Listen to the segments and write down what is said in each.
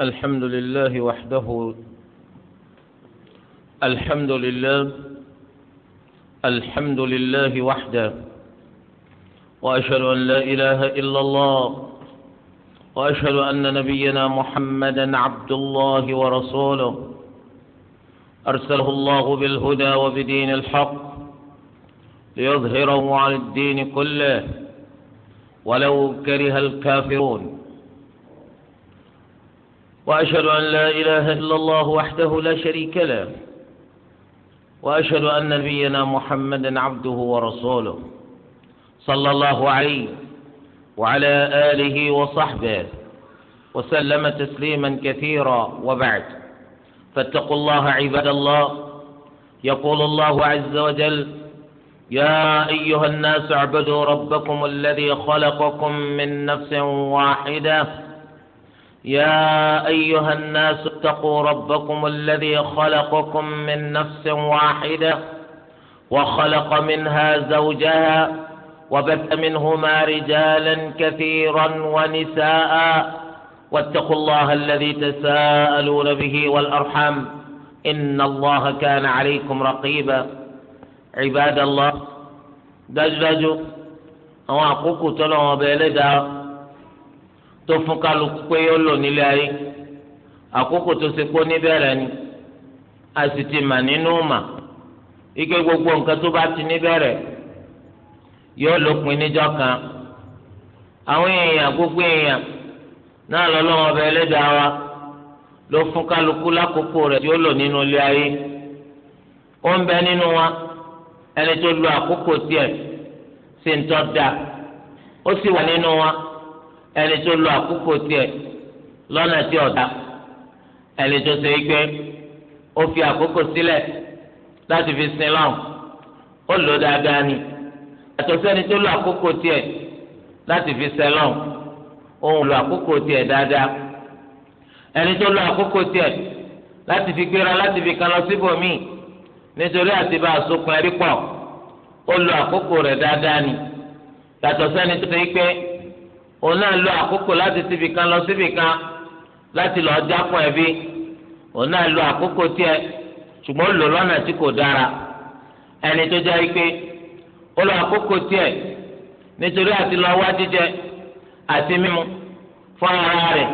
الحمد لله وحده الحمد لله الحمد لله وحده واشهد ان لا اله الا الله واشهد ان نبينا محمدا عبد الله ورسوله ارسله الله بالهدى وبدين الحق ليظهره على الدين كله ولو كره الكافرون وأشهد أن لا إله إلا الله وحده لا شريك له وأشهد أن نبينا محمدا عبده ورسوله صلى الله عليه وعلى آله وصحبه وسلم تسليما كثيرا وبعد فاتقوا الله عباد الله يقول الله عز وجل يا أيها الناس اعبدوا ربكم الذي خلقكم من نفس واحده يا ايها الناس اتقوا ربكم الذي خلقكم من نفس واحده وخلق منها زوجها وبث منهما رجالا كثيرا ونساء واتقوا الله الذي تساءلون به والارحام ان الله كان عليكم رقيبا عباد الله دجدج àwọn àkókò tọ́lọ́wọ́n tó fún kálukú pé ó lò nílé ayé àkókò tó ṣe pé níbẹ̀rẹ̀ ni a sì ti mà nínú mà ike gbogbo nǹkan tó bá ti níbẹ̀rẹ̀ yóò lópin níjọ́ kan àwọn èèyàn gbogbo èèyàn náà lọ́lọ́wọ́ ọba ẹlẹ́dàá wa ló fún kálukú lákòókò rẹ̀ tí ó lò nínú ilé ayé ó ń bẹ nínú wa ẹni tó lo àkókò tiẹ̀ sí ń tọ́ da ó sì wà nínú wa ẹni tó lo àkókò tiẹ̀ lọ́nà tí ọ̀dà ẹni tó ṣe gbé ó fi àkókò sílẹ̀ láti fi sin lọ́n ó lò dáadáa ni àtọ́ sẹ́ni tó lo àkókò tiẹ̀ láti fi sin lọ́n òun lo àkókò tiẹ̀ dáadáa ẹni tó lo àkókò tiẹ̀ láti fi gbéra láti fi kan lọ síbòmíì nítorí àti bá a sokun ẹbí ó lo àkókò rẹ̀ dáadáa ni yàtọ̀ sẹ́ni tó ṣe pé òun náà lo àkókò láti síbi kan lọ síbi kan láti lọ jápọ̀ ẹbí òun náà lo àkókò tiẹ̀ ṣùgbọ́n olulu lò lọ́nà tí kò dára ẹni tó jẹ́ wípé ó lo àkókò tiẹ̀ nítorí àti lọ wá jíjẹ àti mímu fún ara rẹ̀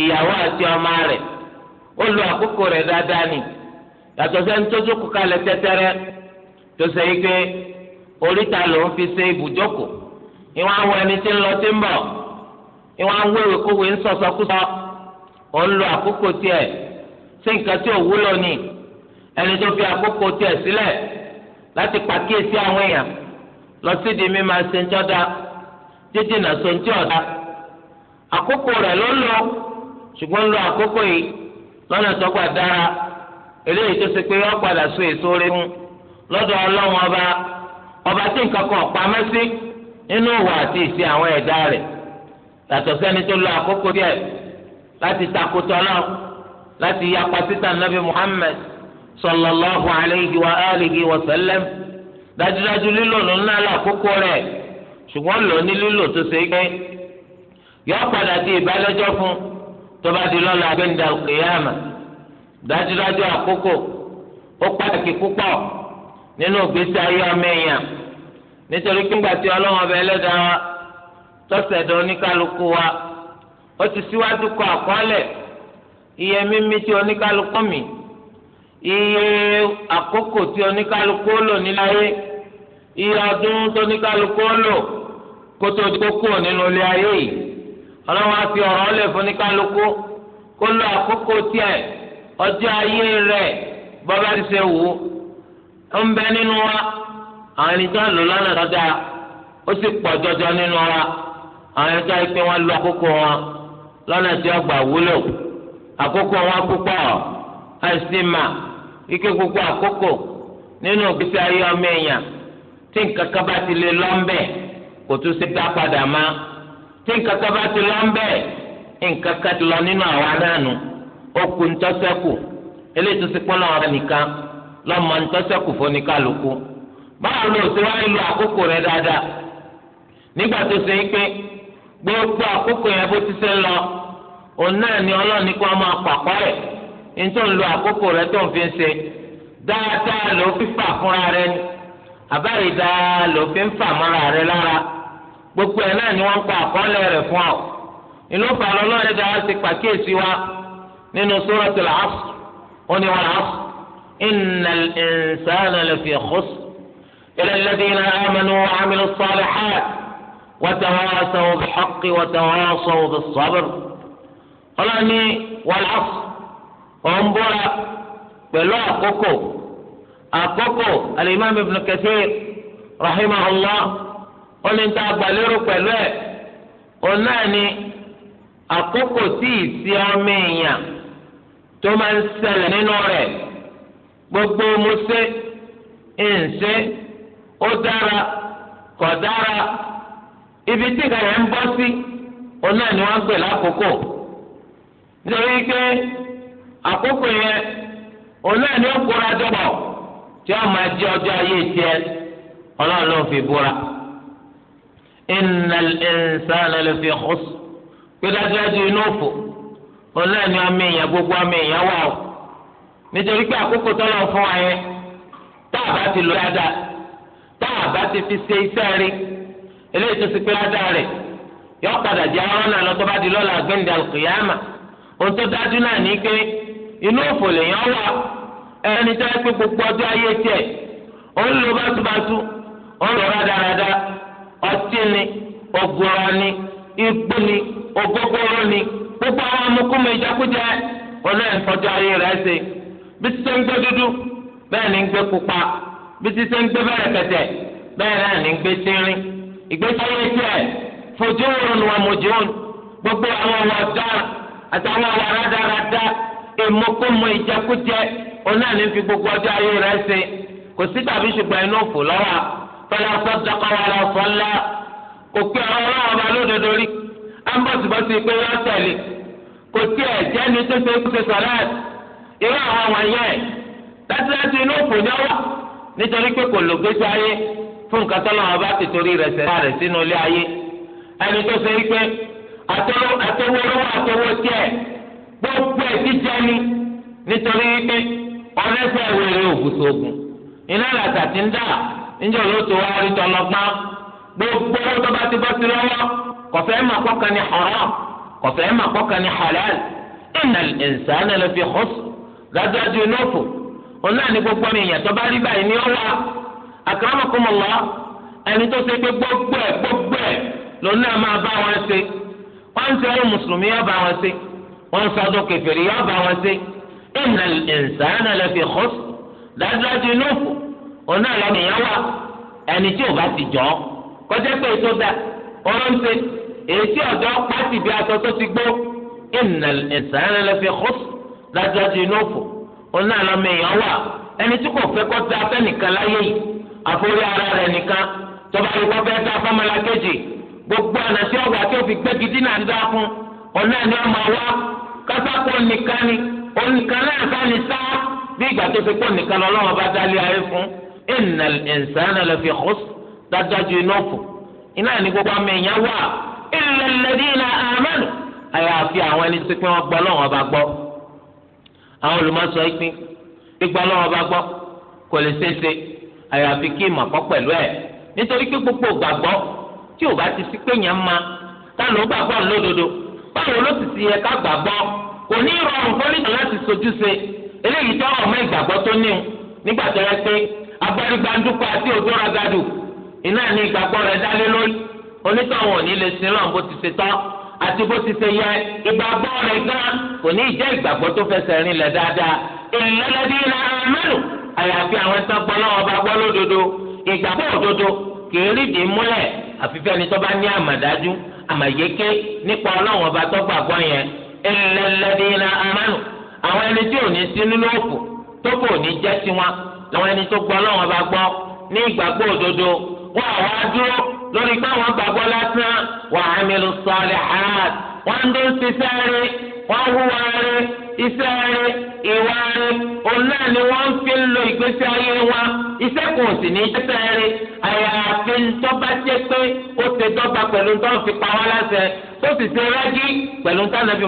ìyàwó àti ọmọ rẹ̀ ó lo àkókò rẹ̀ dáadáa ni yàtọ̀ sẹ́ni tó jókòó kalẹ̀ tẹ́tẹ́rẹ́ tó ṣe wípé oríta ló ń fi ṣe ibùjókòó. ìwọ awọ ẹni tí ń lọ sí ń bọ̀ ìwọ awọ ń lo àkókò tiẹ. sí nǹkan tí ò wúlò ní ẹni tó fi àkókò tiẹ̀ sílẹ̀ láti pàkíyèsí àwọn èèyàn lọ sí di mímọ ẹsẹ ń tọ́da jíjìn náà àkókò rẹ̀ ló ń lọ ṣùgbọ́n ń lo àkókò yìí lọ́nà tó gbà dára eléyìí tó ṣe pé èso lọ́dọ̀ ọlọ́run ọba ọba tí nǹkan kan nínú ìwà àti ìṣe àwọn ẹ̀dá rẹ̀ yàtọ̀ sẹ́ni tó lọ àkókò díẹ̀ láti takotọ́ náà láti yapa síta nàbí Muhammad sallallahu alayhi wa alihi wa sallam dájúdájú lílò ló ná rẹ̀ ṣùgbọ́n lò ní lílò tó ṣe é yọ padà di ìbálẹ́jọ́ fún tó bá di lọ́la dájúdájú nítorí kí ngbà tí ọlọ́wọ́n ọbẹ̀ ẹlẹ́dàá wa tọ́sẹ̀dọ̀ oníkálukú wa ó ti síwájú kọ àkọọ́lẹ̀ iye mímí tí oníkálukú mì iye àkókò tí oníkálukú lò níláyé iye ọdún tó oníkálukú lò kótó kókó nínú ilé ayé yìí ọlọ́wọ́n á fi ọ̀rọ̀ ọ̀lẹ̀ fún oníkálukú kó lọ àkókò tiẹ̀ ọjọ́ ayé rẹ̀ bọ́lá ti ṣe wù ú ń bẹ nínú wa. àwọn ẹni tó lò lọ́nà tó dáa ó sì pọ̀ jọjọ nínú wa àwọn ẹni tó wọ́n àkókò wọn lọ́nà tí wọn púpọ̀ ike gbogbo àkókò nínú òkúta ayé ọmọ èèyàn tí nǹkan kan bá ti lè lọ́ńbẹ̀ kò tún ṣe dá padà má tí nǹkan ti nǹkan kan ti lọ nínú àwa náà nù eléyìí tó ti pọ́n náà rẹ nìkan báwo ló ṣe wáá lo àkókò rẹ dáadáa nígbà tó ṣe pé gbogbo àkókò yẹn bó ti ṣe ń lọ òun náà ni ọlọ́ọ̀ni kó máa pàpọ̀ rẹ̀ ní tó ń lo àkókò rẹ tó ń fi ṣe dáadáa ló fi fà fúnra rẹ ni àbáyé dáa ló fi ń fà mọ́ra rẹ lára gbogbo ẹ̀ náà ni wọ́n pa àkọọ́lẹ̀ rẹ̀ fún ọ inú fàlọ́ lọ́ọ̀ni dáa ti pàkíyèsí wa nínú suratul Asr ó ní إلى الذين آمنوا وعملوا الصالحات وتواصوا بالحق وتواصوا بالصبر قلاني والعصر وانبورا بلو أقوكو أقوكو الإمام ابن كثير رحمه الله قل انت أقبلرو بلو قلاني أقوكو تي سيومينيا تمنسل نوري ببو موسي انسي ó dára kò dára ibi tí ìkànnì ń bọ́ sí òun náà ni wọ́n ń pè lákòókò nítorí pé àkókò yẹn òun ni ó kóra tí wọ́n máa jẹ́ ọjọ́ ayé tiẹ̀ ọlọ́run ló fi búra. innal insana lafi pé dájúdájú inú òfò ni gbogbo ọmọ wà ó nítorí pé àkókò tọ́lọ̀ bá ti fi se iṣẹ́ rí eléyìí tó ti pé ládàá rẹ̀ yọ padà jẹ́ arọ́nà lọ tó bá di lọ́la gbẹ̀ndẹ̀ àlùkìyàmà ohun tó dájú náà ní pé inú òfò lèèyàn wà ẹni tó yẹ pé gbogbo ọjọ́ ayé tiẹ̀ bátúbátú ọtí ni ògùrọ̀ ni igbó ni ògógóró ni gbogbo àwọn amúkúmọ̀ ìjẹkújẹ òun ayé ṣe bí ti ṣe bẹ́ẹ̀ náà ní gbèsè rìn ìgbésí ayé tiẹ̀ fojú òun wọn mojú gbogbo àwọn ọ̀wọ́ dáa àtàwọn ọ̀wọ́ rádaràda èmọkọmọ ìjẹkújẹ òun náà ní fi gbogbo ọjọ́ ayé rẹ̀ ṣe kò sí tàbí ṣùgbọ́n inú òfò lọ́wọ́ fẹlẹ́ sọ́dọ̀kọ́ wà lọ fọ́ ńlá kò pé ọ̀rọ̀ lódodo rí pé yọ kò tí ní inú òfò ní nítorí pé fún nǹkan tó lọ́wọ́ bá ti torí rẹ̀ sẹ́yìn rẹ̀ sínú ilé ayé ẹni tó ṣe wípé àtọwọ́ lọ́wọ́ gbogbo ẹ̀ jíjẹ ni nítorí wípé ọ̀rẹ́fẹ́ wẹ̀rẹ̀ ògùsọ̀gùn iná làtà ti ń dà níjọ́ ló tó wá rí gbogbo owó tó bá ti bọ́ sí lọ́wọ́ ni haram kọ̀fẹ́ mà kọ́kan ni halal dájúdájú inú òfò òun náà ni gbogbo ènìyàn tó bá rí báyìí ní akramakumullah ẹni tó ṣe pé gbogbo ẹ̀ gbogbo ẹ̀ lòun náà máa bá wọn ṣe wọ́n ń ṣe ẹ́ mùsùlùmí yóò bá wọn ṣe wọ́n ń sọdún kẹfìrí yóò bá wọn ṣe innal insana lafi khusr dájúdájú inú òfò òun náà lọ́nà ìyá wa ẹni tí ò bá ti jọ́ kọjá pé ètò dá ọ̀rọ̀ ń ṣe èyí ọ̀dọ́ pàtì bí aṣọ tó ti gbó innal insana lafi khusr dájúdájú inú òfò òun náà lọ́nà ìyá wa ẹni tí kò fẹ́ kọ́ àforí ara rẹ̀ nìkan tọ́ba ìwọ́ bẹ́ẹ̀ dá fọ́mọlá kejì gbogbo ọ̀nà tí ọgbà tí ó fi gbẹ́gi dínà ń dá fún ọ̀nà ni ọmọ wa kásákò nìkan ni onìkan náà bá ní sá bí ìgbà tó fi kó nìkan lọ́wọ́ bá dálé ayé fún innal insana lafi khusr dájú inú òfò iná ní gbogbo ọmọ èèyàn wà illa alladhina amanu àyàfi àwọn ẹni tó pé wọ́n gbọ́ lọ́wọ́ bá gbọ́ àwọn olùmọ̀sọ̀ ìpín gbígbọ́ lọ́wọ́ bá gbọ́ kò lè ṣeéṣe àyàfi kí ìmọ̀ kọ́ pẹ̀lú ẹ̀ nítorí pé gbogbo gbàgbọ́ tí ò bá ti sí pé yẹn ma táwọn ó gbàgbọ́ lódodo báwo ló ti ti yẹ ká gbàgbọ́ kò ní rọrùn fọ́nìtàn láti sojú ṣe eléyìí tó ọmọ ìgbàgbọ́ tó ní o nígbà tó yẹ pé agbárígbandúkọ àti òdòràgàdù iná ní ìgbàgbọ́ rẹ̀ dálé lórí onítọ̀hún ò ní lè sin lọ́n bó ti ṣe tọ́ àti bó ti ṣe yẹ ìgbàgbọ́ rẹ̀ gan kò ní jẹ́ ìgbàgbọ́ tó fẹsẹ̀ rinlẹ̀ dáadáa ìlẹ́lẹ́dínlẹ́ àyàfi àwọn ẹ̀sán gbọ́ náà ọba gbọ́ lódodo ìgbàgbọ́ òdodo kì í rídìí múlẹ̀ àfihàn ẹni tó bá ní àmàdájú àmàyéké nípa ọlọ́run ọba tó gbàgbọ́ yẹn ẹlẹ́lẹ́dínlá amánù àwọn ẹni tí ò ní sí nínú òfò tó kò ní jẹ́ tiwọn làwọn ẹni tó gbọ́ ọlọ́run ọba gbọ́ ní ìgbàgbọ́ òdodo wọ́n àwọn adúró lórí pé gbàgbọ́ lásán wàhámi lọ iṣẹ́ rẹ ìwà rẹ òun náà ni wọ́n fi ń lo ìgbésí ayé wa iṣẹ́ kò sì ní iṣẹ́ rẹ àyàfi ńtọ́ba jẹ́ pé ó ṣe dọ́gba pẹ̀lú ńtọ́ fi pa wá láṣẹ tó sì ṣe rẹ́gí pẹ̀lú ńtọ́ nàbí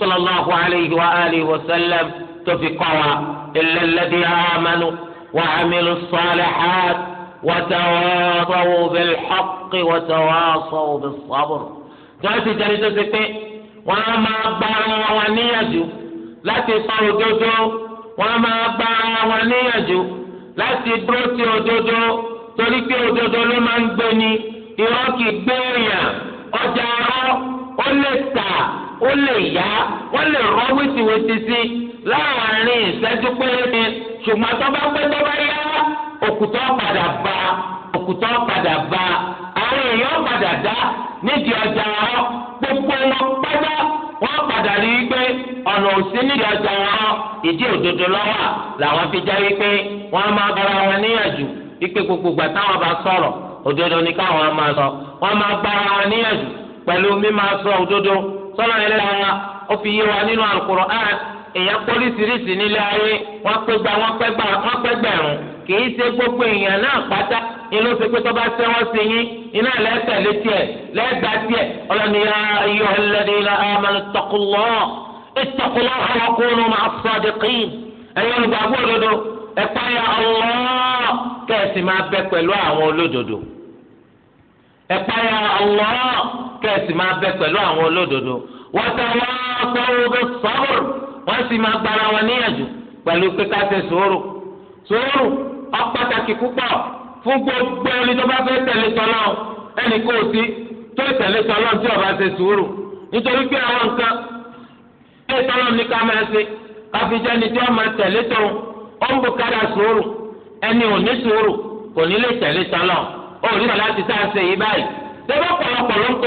sallallahu alayhi wa alihi wa sallam tó fi kọ́ wa illal ladhina amanu wa amilu salihat wa tawasaw bil haqqi wa tawasaw bis sabr wọn á máa gba ara wọn níyànjú láti sọ òdodo wọn á máa gba ara wọn níyànjú láti dúró sí òdodo torí pé òdodo ló máa ń gbéni irọ́ kì í gbé èèyàn ọjà arọ́ ó lè tà ó lè yá wọ́n lè rọ́ wíṣíwíṣí sí láàárín ìṣẹ́jú péréte ṣùgbọ́n tó bá pẹ́ tó bá yá òkùtọ́ padà bá a. òkúta padà bá àwọn èèyàn padà dá nídìí ọjà wọn gbogbo wọn pátá wọn padà rí i pé ọ̀nà òsì nídìí ọjà ìdí òdodo lọ́wọ́ làwọn fi gbogbo gbà táwọn bá sọ̀rọ̀ òdodo ni káwọn máa sọ wọn máa bára wọn níyànjú pẹ̀lú mímá sọ òdodo sọ́nà ó fi yé wa nínú al èèyàn pólísìírísìí nílé ayé wọ́n pẹ́ gbà kìí ṣe gbogbo èèyàn náà pátá inú ṣe pé tọ́ba sẹ́wọ́n sí yín iná lẹ́tẹ̀lé tiẹ̀ lẹ́ẹ̀dá tiẹ̀ ọlọ́ni yá ayé ọ̀lẹ́dẹ́ ilá amẹ́lẹ́ tọkùlọ́ ìtọkùlọ́ ọkùnrin máa sọ́ọ́dẹ̀ kín ẹ̀yin olùgbàgbọ́ òdodo ẹ̀páyà Allah kẹ́ẹ̀sì máa bẹ pẹ̀lú àwọn olódodo ẹ̀páyà Allah kẹ́ẹ̀sì máa bẹ pẹ̀lú àwọn olódodo wọ́n sì máa gbára wọn níyànjú pẹ̀lú pé ká ṣe sùúrù sùúrù ọ̀pàtàkì púpọ̀ fún gbogbo ẹni tó bá fẹ́ tẹ̀lé tọ́lọ́ ẹnì kò sí tó tẹ̀lé tọ́lọ́ tí ọba ṣe sùúrù nítorí pé àwọn nǹkan ẹ̀ tọ́lọ́ ní ká máa ṣe ni tí wọ́n máa tẹ̀lé tó ó ń bùkárà sùúrù ẹni ò ní sùúrù kò ní lè tẹ̀lé tọ́lọ́ ó rí ọ̀la ti tá a ṣe yí báyìí tẹ́lẹ̀ pọ̀lọpọ̀ ló ń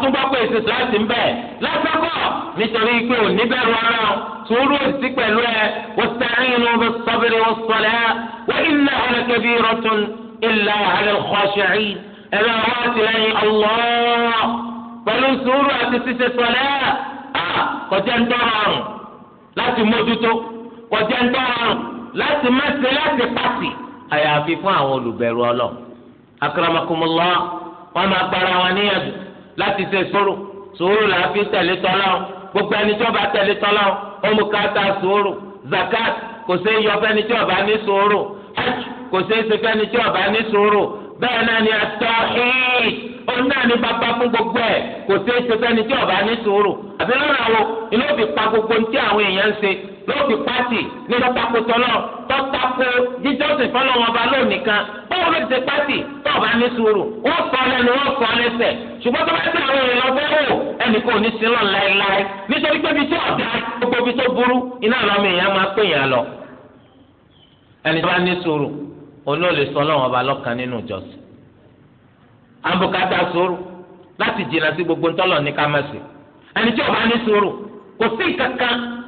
àtúgbọ́ pé èsì sọ́ọ̀tì ń bẹ̀ lásìkò nítorí pé ò ní bẹ̀rù ọlọ́run sùúrù sí pẹ̀lú ẹ wasta'inu bis-sabri was-salah wa innaha lakabiratun illa 'ala al-khashi'in ẹ̀rọ àwọn àtìlẹ́yìn Allah pẹ̀lú sùúrù àti ṣíṣe sọ̀lẹ́ kọjá ń tọrọrùn láti mójútó kọjá ń tọrọrùn láti mẹ́sẹ̀ láti pàṣẹ àyàfi fún àwọn olùbẹ̀rù ọlọ́ akramakumullah wọn máa gbára wọn níyànjú láti ṣe sùúrù sùúrù là á fi tẹ̀lé tọ́lọ́run gbogbo ẹni tí wọ́n tẹ̀lé tọ́lọ́run ó mú káàtà zakat kò sí yọ fẹ́ni tí wọ́n bá ní sùúrù hajj kò sí ṣe fẹ́ni tí wọ́n bá ní sùúrù bẹ́ẹ̀ náà ni ẹ̀tọ́ hìí òun náà ní bàbá fún gbogbo ẹ̀ kò sí ṣe fẹ́ni ní sùúrù àbí lọ́nà wo inú òbí pa gbogbo ní tí àwọn èèyàn ń ṣe yóò fi pàtì ní tọ́takùtọ̀ náà tọ́takù jíjọ́sìn fọlọ́ wọn ba lónìí kan báwo ló ti ṣe pàtì tó o bá ní sùúrù wọ́n sọ lẹ́nu wọ́n sọ lẹ́sẹ̀ ṣùgbọ́n tó bá ti àwọn èèyàn sọ lọ́wọ́n lọ́kàn nínú ìjọsìn. àbùkátà sùúrù láti jìnnà sí gbogbo ntọ́lọ̀ ní kámẹ́sì ẹnì tí ní sùúrù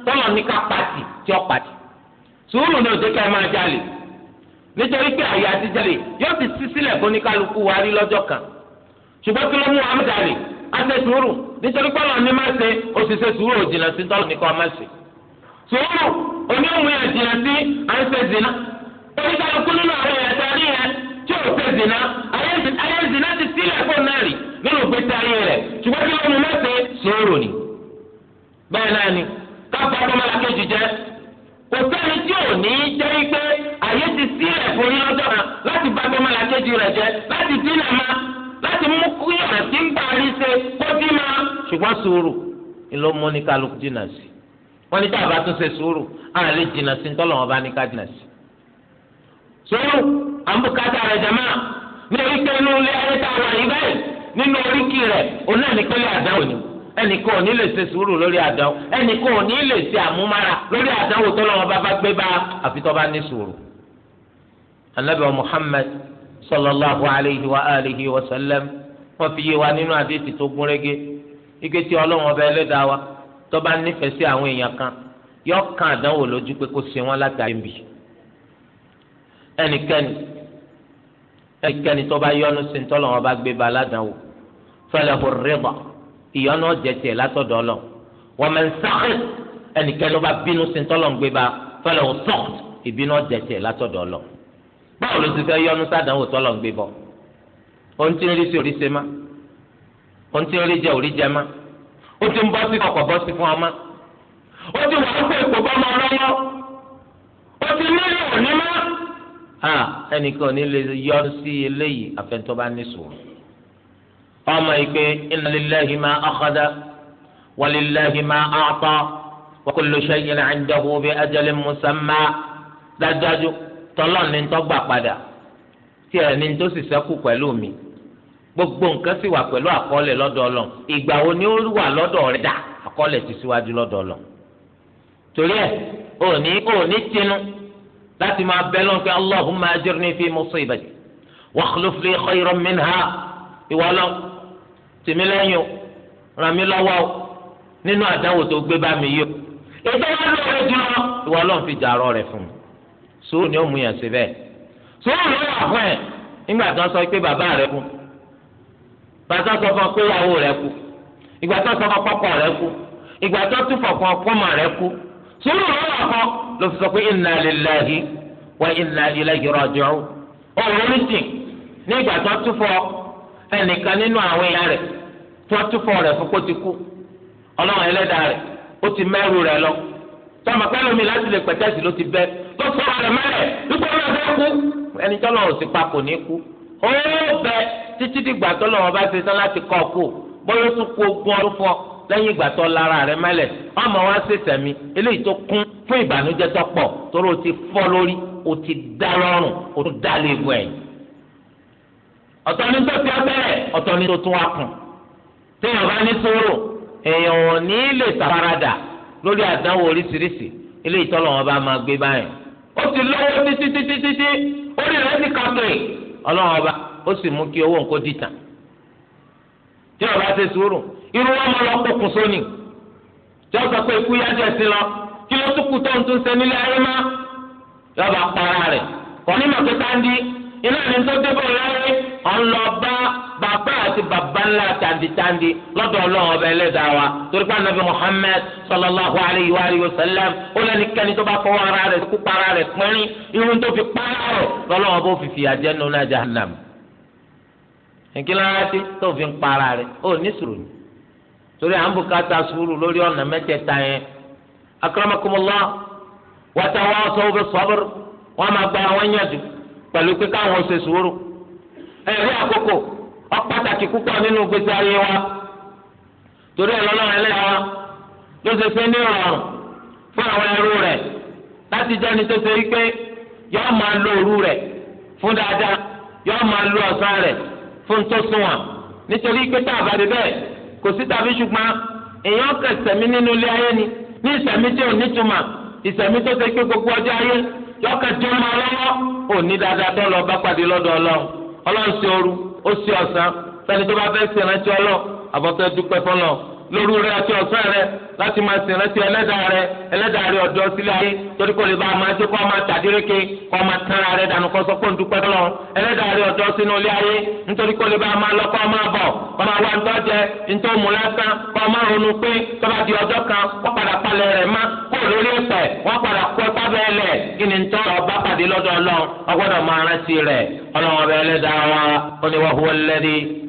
tọ́lọ̀ ní ká pàtì tí ó pàtì sùúrù ní òjò kẹ́ máa jalè nítorí pé àyè àtijalè yóò ti ṣí sílẹ̀ fún oníkálukú wa rí lọ́jọ́ kan ṣùgbọ́n kí ló mú wa jalè á ṣe sùúrù nítorí ní má ṣe sùúrù òjìnà sí tọ́lọ̀ ní má ṣe zina oníkálukú nínú àwọn a rí yẹn tí ò ṣe zina ayé zina ti sílẹ̀ fún nínú ayé rẹ̀ ṣùgbọ́n kí kápá ọmọlá kejì jẹ kò sẹ́ni tí ò ní jẹ́ pé àyè ti sí rẹ̀ fún yín lọ́jọ́ kan láti bá ọmọlá kejì rẹ̀ jẹ láti dínà má láti mú kí ọ̀nà tí ń bá rí ṣe kó dín má. ṣùgbọ́n sùúrù ni ló mú ní kálukú dínà sí wọ́n ní táàbà tún ṣe sùúrù á lè dínà sí tọ́lọ̀ wọn bá ní ká dínà sí. sùúrù àmúkátà rẹ̀ jẹ̀ máa ní orí pé ilé ayé tá a wà yí nínú oríkì rẹ̀ òun náà ní pẹ́lú àdáwò ni ẹnìkan ò ní lè ṣe sùúrù lórí àdánwò ẹnìkan ò ní lè ṣe àmúmára lórí àdánwò tó lọ́wọ́ bá bá gbé bá àfi tó bá ní sùúrù. anabi muhammad sallallahu alayhi wa alihi wa sallam wọ́n fi yé wa nínú àdéhìí tó gún régé ike tí ọlọ́wọ́n ọba ẹlẹ́dàá wa tó bá nífẹ̀ẹ́ sí àwọn èèyàn kan yọ kan àdánwò lójú pé kó ṣe wọn látàrí mbì ẹnikẹ́ni ẹnikẹ́ni tó bá yọ́nú sí ntọ́lọ́wọ́n ọba gbé bá aládàáwò falahu rida ìyọnu ọ̀jẹ̀ tiẹ̀ látọ̀dọ̀ lọ wọ́n mẹ́ nsáxẹ́ ẹnikẹ́ni ọba bínú sí tọ́lọ̀ ba fẹ́lẹ́ o sọ́ọ̀t ìbínú ọ̀jẹ̀ tiẹ̀ látọ̀dọ̀ lọ. báwo ló ti fẹ́ yọnu sádàáwò tọ́lọ̀ ń gbé bọ̀ ohun tí ń rí sí orí ṣe má ohun tí ń rí jẹ orí jẹ má ó ti ń bọ́ sí kọ̀kọ̀ bọ́ sí fún ọmọ ó ti wà ń pè pò bọ́ ọmọ lọ́wọ́ ó ti nílò òní má. ẹnikẹ́ni ò ní lè yọnu sí eléyìí àfẹ́ntọ́ bá ní sùúrù ọmọ ìpè inna lillahi ma akhadha wa lillahi ma a'ta wa kullu shay'in 'indahu bi ajalin musamma dájúdájú tọ́lọ́n ní tó gbà padà tí ẹ̀ ní tó sì sẹ́kù pẹ̀lú mi gbogbo nǹkan sì wà pẹ̀lú àkọọ́lẹ̀ lọ́dọ̀ Ọlọ́run ìgbà wo ni ó wà lọ́dọ̀ rẹ̀ dà àkọọ́lẹ̀ ti síwájú lọ́dọ̀ Ọlọ́run torí ẹ̀ òní òní tinú láti máa bẹ́ lọ́n pé Allahumma ajirni fi musibati wa akhlif li khayran minha ìwọ́lọ́n tèmi lẹ́yìn o ràn mí lọ́wọ́ o nínú àdánwò tó gbé bá mi yìí o ètò wọn ló rẹ jùlọ ìwọ Ọlọ́run fi jàrọ rẹ fún mi sùúrù ni ó mú yàn sí bẹ́ẹ̀ sùúrù ló wà fún ẹ nígbà tó ń sọ pé bàbá rẹ kú bàtà sọ fún ọ pé ìyàwó rẹ kú ìgbà tó sọ fún ọkọ rẹ kú ìgbà tó tún fọkàn ọkọọmọ rẹ kú sùúrù ló wà fún ló fi sọ pé inna lillahi wa inna ilayhi raji'un òun ló ní sìn ní ìgbà ẹnìkan nínú àwọn èèyàn rẹ̀ tí wọ́n túfọ̀ rẹ̀ fún kó ti kú ọlọ́run ẹlẹ́dàá rẹ̀ ó ti mẹ́rù rẹ̀ lọ tọmọ pẹ́ lómi láti lè pẹ̀tẹ́sì ló ti bẹ́ ló sọ̀rọ̀ rẹ̀ mẹ́rẹ̀ dúpọ̀ náà fẹ́ kú ẹni tọ́lọ̀ ò sì pa kò ní kú ó bẹ títí dìgbà tọ́lọ̀ wọn bá ṣe tán láti kọ́ kú bọ́lá tún kú ogún ọdún fún ọ lẹ́yìn ìgbà tó lára rẹ̀ mẹ́lẹ̀ ọmọ wa ṣe sẹ̀mí eléyìí tó kún fún ìbànújẹ́ tó pọ̀ torí o ti fọ́ lórí o ti dá lọ́rùn o tún dá léegun ẹ̀yìn ọtọni ni tó ti abẹ́rẹ́ ọ̀tọ̀ ni tó tún wá téèyàn bá ní sòrò èèyàn ò ní lè lórí àdánwò oríṣiríṣi ilé ìtọ́lọ̀ wọn bá máa gbé báyìí ó ti lówó títí títí títí orí rẹ̀ ọba ó sì mú kí owó nǹkó dìtà tí ọba irú wọn lọ kókun sóni tí sọ pé ikú yá jẹ sí lọ kí ló tún kú tó ń tún ṣe nílé ayé má yọba kọ́ ní ń iná ọlọba bàbá àti bàbá ńlá tàǹdìtàǹdì lọ́dọ̀ ọlọ́run ọba ẹlẹ́dàá wa torí pé anabi muhammed sallallahu alayhi wa alayhi wa sallam ó lẹ́ni kẹ́ni tó bá fọwọ́ ara rẹ̀ kú para rẹ̀ pẹ́rín irun tó fi para rẹ̀ lọ́lọ́run ọba ó fi nínú náà jahannam. ìkílára tó fi ń para rẹ̀ ó ní ni torí à ń bùkátà sùúrù lórí ọ̀nà mẹ́tẹ̀ẹ̀ta yẹn ẹ̀rí àkókò ọ̀pàtàkì púpọ̀ nínú gbèsè ayé wa torí ọlọ́run ẹlẹ́yà wa ló ṣe ṣe ní ìrọ̀rùn fún àwọn ẹrú rẹ̀ láti jẹ́ ẹni tó ṣe wípé yọ́ọ́ máa lo òru rẹ̀ fún dáadáa yọ́ọ́ máa lo ọ̀sán rẹ̀ fún tó sunwọ̀n nítorí pé tá a bá dé bẹ́ẹ̀ kò sí tàbí ṣùgbọ́n èèyàn kẹ̀ sẹ̀mí nínú ilé ayé ni ní ìsẹ̀mí tí ò ìsẹ̀mí tó ṣe pé gbogbo ọjọ́ ayé yọ́ọ́ kẹ̀ òní dáadáa ọlọ́run sí òru ó sí ọ̀sán sani tó bá fẹ́ sí ẹ̀rántí ọlọ́ àbọ̀tẹ́ dúpẹ́ fọlọ́ lóru rẹ àti ọ̀sán rẹ láti máa sìn rántí ẹlẹ́dàá rẹ ẹlẹ́dàá rẹ ọ̀dọ́ sílẹ̀ ayé torí kò lè bá a máa ṣe kó a máa tàdíréke kó a máa tẹ́ra rẹ dànù kó sọ pé ń dúpẹ́ lọ ẹlẹ́dàá rẹ ọ̀dọ́ sínú ilé ayé nítorí kò lè bá a máa lọ kó a máa bọ̀ kó a máa wá ntọ́ jẹ ntọ́ mu lásán kó a máa ronú pé tó di ọjọ́ kan wọ́n padà palẹ̀ rẹ̀ má kó lórí ẹ̀pẹ̀ wọ́n padà kó sábẹ́ lẹ̀ kí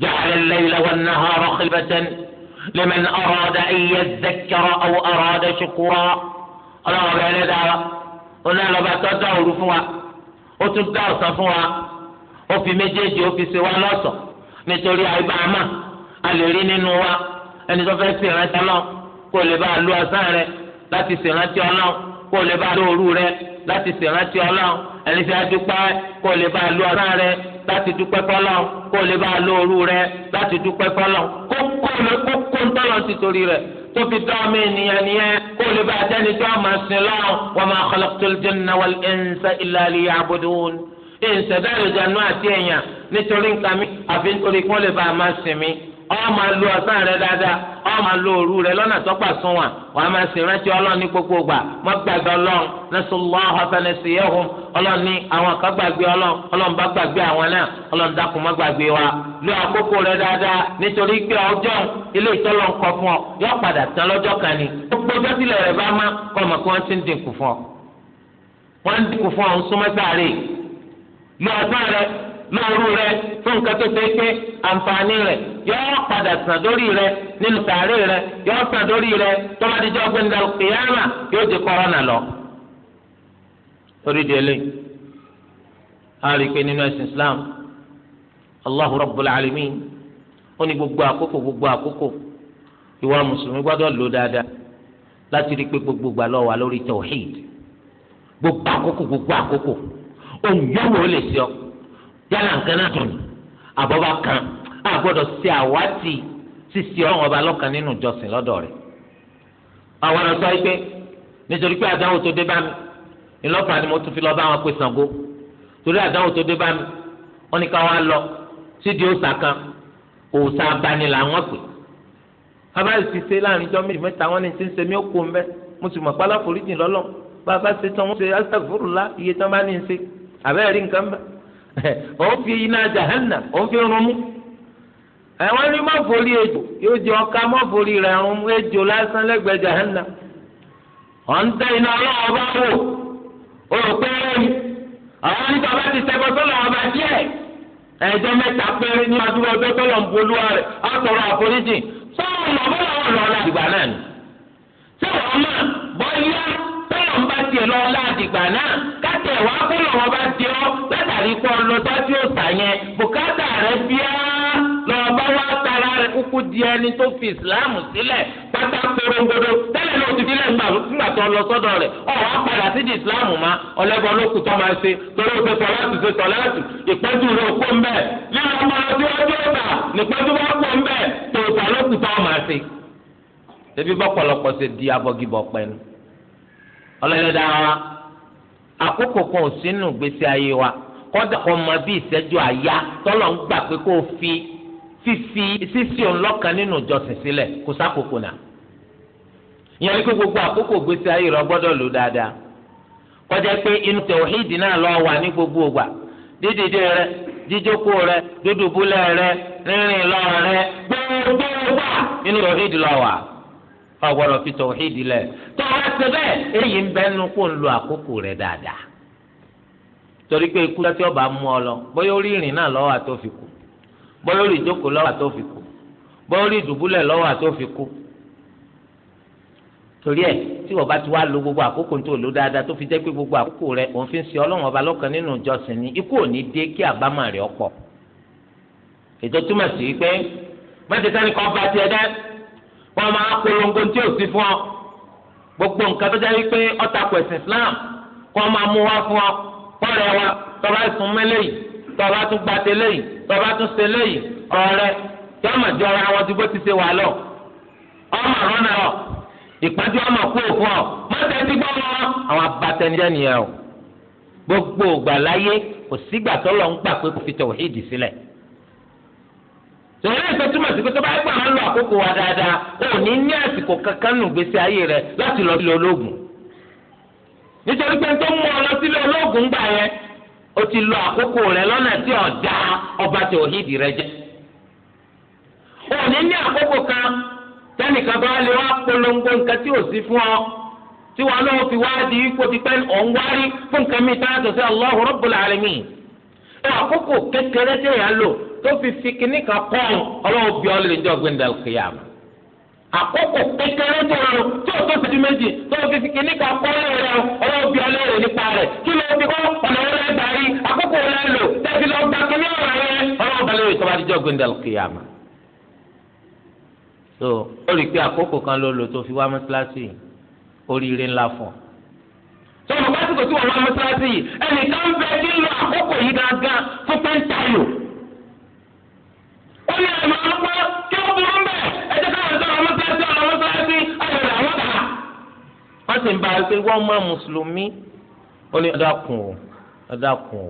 جعل الليل والنهار خلفة لمن أراد أن يذكر أو أراد شكورا ọlọ́run ọba ẹlẹ́dàá wa ọlọ́run ọba tó dá òru fún wa ó tún dá ọ̀sán fún wa ó fi méjèèjì ó fi ṣe wá lọ́sọ̀ nítorí àìbá àmà a lè rí nínú wa ẹni tó fẹ́ ṣèrántí ọlọ́run kó lè bá a lo ọ̀sán rẹ láti ṣèrántí ọlọ́run kó lè bá a lo òru rẹ láti ṣèrántí ọlọ́run ẹni tí a dúpẹ́ kó lè bá a lo ọ̀sán rẹ láti dúpẹ́ fọlọ́ kó lè bá a lo òru rẹ láti dúpẹ́ fọlọ́ kó kó lè kó kó ń tọ́lọ̀ sí torí rẹ tó fi dán mi nìyẹn nìyẹn kó lè bá a jẹ́ni tó máa sin lọ́wọ́ wa ma khalaqtul jinna wal insa illa liya'budun ìṣẹ̀dá ìjànú àti ẹ̀yàn nítorí nǹkan mi àfi nítorí kó lè bá a máa sin mi. ọ ma lo ọ̀sán rẹ dáadáa ọ ma òru rẹ lọ́nà tọ́pà sún wa wàá máa sì rántí ní gbogbo gbà má gbàgbé ọlọ́run nasallahu fanasiyahum ọlọ́run ní àwọn kan gbàgbé bá gbàgbé àwọn náà dákun má gbàgbé rẹ dáadáa nítorí pé ilé ìtọ́lọ̀ ń kọ fún ọ yọ padà tán lọ́jọ́ kan ni gbogbo ọjọ́ tilẹ̀ rẹ yọọ padà sàn lórí rẹ nínú rẹ yọọ sàn lórí rẹ tọ́ládìjọ́ gbẹ̀ndà kìyàmà yóò di kọ́rọ́nà lọ. torí délé a rí i pé nínú ẹ̀sìn Islam Allahu Rabbul Alamin ó ní gbogbo àkókò gbogbo àkókò ìwà mùsùlùmí gbọ́dọ̀ lò dáadáa láti rí i gbogbo gbà lórí tawhid gbogbo àkókò gbogbo àkókò yóò wọlé sí ọ yálà kan. a gbọ́dọ̀ ṣe àwátì ṣíṣe ọ̀hún ọba lọ́kàn nínú ìjọsìn lọ́dọ̀ rẹ̀ àwọn ọ̀rọ̀ sọ pé nítorí pé àdánwò tó dé bá mi ìlọ́pàá ni mo tún fi lọ bá wọn pè Ṣàngó torí àdánwò tó dé bá mi wọn ní ká wá lọ sídìí òòṣà kan òòṣà abani là wọn pè bàbá yìí ti ṣe láàrin ìjọ méjì mẹ́ta wọn ní ti ń ṣe mí ó mbẹ mo sì mọ̀ pálá foríjì lọ́lọ́ bàbá ṣe tán wọn ṣe astaghfirullah iye tán bá ní í ṣe àbẹ́rẹ́ rí nǹkan bẹ́ẹ̀ òun fi iná jahanna òun fi rún mú ẹ̀wọ́n ní má forí ejò yóò jẹ ọ̀ka má forí rẹ̀ ń ejò lásán lẹ́gbẹ̀ẹ́ jahanna ọ̀ǹtẹ̀ iná ọlọ́wọ́ bá wò ó rò pé ẹ̀yìn àwọn nígbà bá ti ọba díẹ̀ ẹ̀jẹ̀ mẹ́ta péré ní adúlọ ọjọ́ tó lọ ń rẹ̀ á sọ̀rọ̀ àforíjì náà mọ̀ bá tiẹ̀ náà kúkú di ẹni tó fi ìsìláàmù sílẹ̀ pátá korongodo tẹ́lẹ̀ náà ti filẹ̀ nígbà tó lọ sọ́dọ̀ rẹ̀ ọ̀rọ̀ apàdà sí di ìsìláàmù ma ọlẹ́bọn ló kù tó máa ṣe torí o ṣe sọ̀láàtù ṣe sọ̀láàtù ìpẹ́jù rẹ̀ ó pọ̀ ń bẹ̀ lílọ ọmọ ọdún ọjọ́ ọ̀tà nípẹ́jù bá pọ̀ ń bẹ̀ tòótọ́ ló kù tó máa ṣe. ebi bọ́pọ̀lọpọ̀ ṣe di abọ́gibọ̀ pẹ́nu ọlọ́dọ̀dọ̀ wa àkókò kan ò sínú gbèsè ayé wa kọ́dà ọmọ bíi ìṣẹ́jú àyá tọ́lọ́ ń gbà pé kó o fi fífi sísí ọlọ́kan nínú ìjọsìn sílẹ̀ kò sákòókò náà ìyẹn ní gbogbo àkókò gbèsè ayé rẹ gbọ́dọ̀ lò dáadáa kọjá pé inú tẹ̀wọ́hídì náà lọ wà ní gbogbo ògbà dídìde rẹ jíjókòó rẹ rẹ rírìn lọ rẹ inú lọ wà ọgbọ́dọ̀ fi lẹ̀ tó o bẹ́ẹ̀ èyí ń bẹ́ nu kó ń lo àkókò rẹ dáadáa torí bọ́yọ̀ lè jókòó lọ́wọ́ àti òfin kú bọ́yọ̀ lè dùbúlẹ̀ lọ́wọ́ àti òfin kú torí ẹ tí wọ́n bá ti wá lo gbogbo àkókò tó lò dáadáa tó fi jẹ́ pé gbogbo àkókò rẹ òun fi ń ṣe ọlọ́run ọba lọ́kàn nínú ìjọsìn ni ikú ò ní dé kí àbámọ̀ rẹ̀ ọ̀pọ̀ ètò túmọ̀ sí pé mẹ́tẹ̀ẹ́sẹ́ni kan bá tiẹ̀ dẹ́ wọ́n máa polongo tí ò sí fún ọ gbogbo nǹkan tó jẹ́ wípé ọ̀tàkù ẹ̀sìn Islam kọ́ máa mú wá fún ọ kọ́ wa tọ́ba sùn mẹ́lẹ́yìn tọ́ba tún gbàtẹ́lẹ́yìn bàbá tún ṣe lẹ́yìn ọ̀rẹ́ yọmọ jọ ara wọn bó ti ṣe wà lọ ọmọ rọnà ọ ìpàdé ọmọ kú òfin ọ mọtẹ ti gbọ wọn àwọn o gbogbo ògbà láyé kò sígbà ń gbà pé kò fi tòun túmọ̀ sí pé tó bá gbà wọn lọ àkókò wa dáadáa ní ní àsìkò kankan nù gbèsè ayé rẹ láti lọ ológun nítorí pé tó mú ọ lọ ológun o ti lo àkókò rẹ lọ́nà tí ọ̀dà ọba tí òhídìí rẹ jẹ́ Onye ní àkókò kan tẹnìkan bá lè wá polongo nǹkan tí ò sí fún ọ tí wọn náà fi wá di ipò tipẹ́ ọ̀nwárí fún nǹkan mi táwọn tó sẹ́ Allahu Rabbul Alamin ẹ àkókò kékeré tí èèyàn lò tó fi fi kíní kan pọ́n ọlọ́wọ́ bí ọlọ́lẹ̀ jọ gbẹ̀ndà kìyàmù àkókò kékeré tó o tó lọ́jọ́ gbẹ̀ndàlù kìyàmà so ó rí i pé àkókò kan ló lò tó fi wá mọ́sálásì oríire ńlá fún ọ tó o bá sì kò tí wọ́n wá mọ́sálásì yìí ẹnìkan ń bẹ kí ń lo àkókò yìí gángan fún pẹ́ńtàlù ó ní ẹ̀rọ máa ń pọ́ kí ó burú ń bẹ̀ ẹ jẹ́ káwọn tó ọmọ mọ́sálásì ọmọ mọ́sálásì ayọ̀rọ̀ àwọn kà wọ́n sì ń bá a pé wọ́n mọ mùsùlùmí ó ní ọ̀dà kùn ó ọ̀dà kùn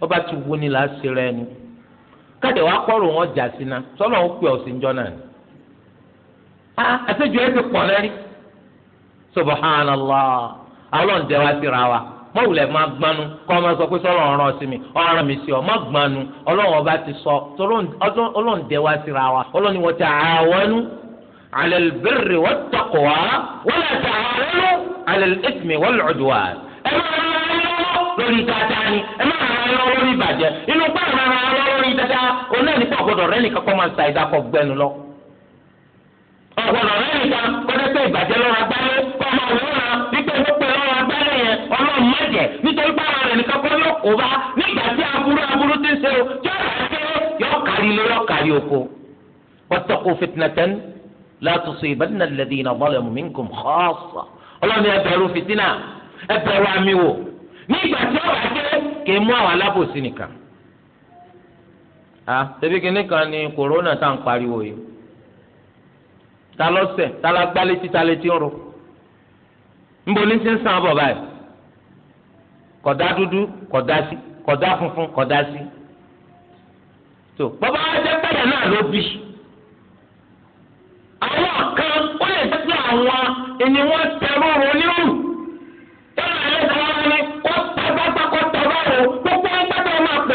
ọba ti wo ni là á ṣe rẹ ni káde wàá kọ́rọ̀ wọn jà sí na sọ́nà ó pè ọ̀sìn jọ náà ni. a àtẹ́jú ẹ ti pọ̀ lẹ́rí subhanallah alọ́n jẹ́ wá síra wa mọ̀wùlẹ̀ máa gbanu kọ́ ọ ma sọ pé sọ́nà ọ̀ràn sí mi ọ̀ràn mi sí ọ má gbanu ọlọ́run ọba ti sọ ọlọ́run jẹ́ síra wa ọlọ́run ni wọ́n ti àwọnú ala albirri wattaqwa wala ta'awanu ala alithmi wal udwan. ẹ máa ń lórí dáadáa ni ẹ má ràn án lọ́wọ́ lórí ìbàjẹ́ inú pé àwọn ràn án lọ́wọ́ lórí dáadáa òun náà ní pọ̀ gbọ́dọ̀ rẹ́ nìkan kọ́ máa sa ìdákọ̀ gbẹnu lọ. ọ̀gbọ̀dọ̀ rẹ́ nìkan kọ́dẹ́ pé ìbàjẹ́ lọ́wọ́ agbálẹ̀ kọ́ máa wúra wípé ló pe lọ́wọ́ agbálẹ̀ yẹn ọlọ́run nítorí pé àwọn rẹ̀ nìkan kọ́ yóò kó bá nígbà tí aburú aburú ti ń ṣe o yóò kárí yóò kárí oko. wattaqu fitnatan la tusibanna nígbà tí ọ̀rọ̀ ajé kì í mú àwọn alábòsí nìkan. ṣebí kìnnì kan ni kòrónà tá à ń pariwo yìí ta lọ́sẹ̀ ta la gbá létí ta létí ń ro níbo ní ti ń sàn bọ̀ báyìí kọ̀dá dúdú kọ̀dá sí kọ̀dá funfun kọ̀dá sí. tó bàbá wa jẹ́ pẹ̀lẹ́ náà ló bí àwọn kan ó lè jẹ́ pé àwọn ẹni wọ́n lóru onírúurú.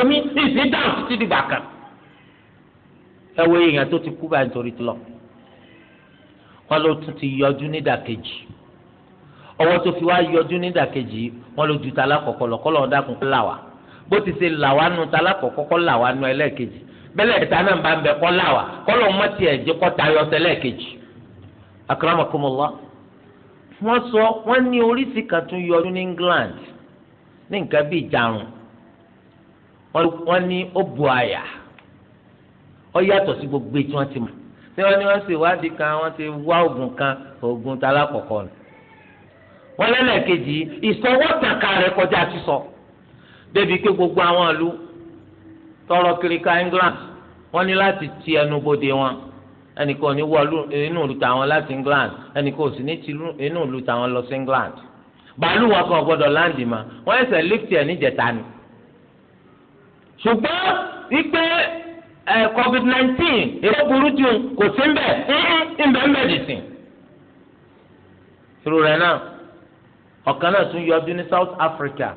mi ní ìsìn dáhùn títí dìgbà kan ẹ wo èèyàn tó ti kú báyìí nítorí tí lọ wọn ló tún ti yọjú nídàkejì ọwọ́ tó fi wá yọjú nídàkejì wọn ló ju tala kọ̀kọ́ lọ kọ́lọ́ dákun kó là wá bó ti ṣe là wá nu tala kọ̀kọ́ kọ́ là wá nu ẹlẹ́ẹ̀kejì bẹ́lẹ̀ ìta náà bá ń bẹ kọ́ là wá kọ́lọ́ mọ́ tiẹ̀ jẹ́ kọ́ tayọ tẹ́lẹ̀kejì akramakumullah wọ́n sọ wọ́n ní oríṣi kan tún yọjú ní England ní nǹkan bíi ìjarun wọ́n ní ó bu àyà ó yàtọ̀ sí gbogbo etí wọ́n ti mọ̀ tí wọ́n ní wọ́n ṣe ìwádìí kan wọ́n ti wá oògùn kan oògùn tala kọ̀ọ̀kan nù wọ́n lẹ́lẹ́kejì ìsọwọ́tàkà rẹ̀ kọjá sísọ débi pé gbogbo àwọn ìlú tọrọ kiriká England wọ́n ní láti ti ẹnubodè wọn ẹnìkan ní wọ inú ìlú tàwọn láti England ẹnìkan ò sì ní ti inú ìlú tàwọn lọ sí England bàálù wọn kan gbọ́dọ̀ láǹdì mà wọ́n ẹsẹ̀ lift ẹ níjẹta ni ṣùgbọ́n wípé covid nineteen èyí burú jù kò sí mbẹ mbẹ mbẹ dì sí. irú rẹ̀ náà ọ̀kan náà tún yọjú ní South Africa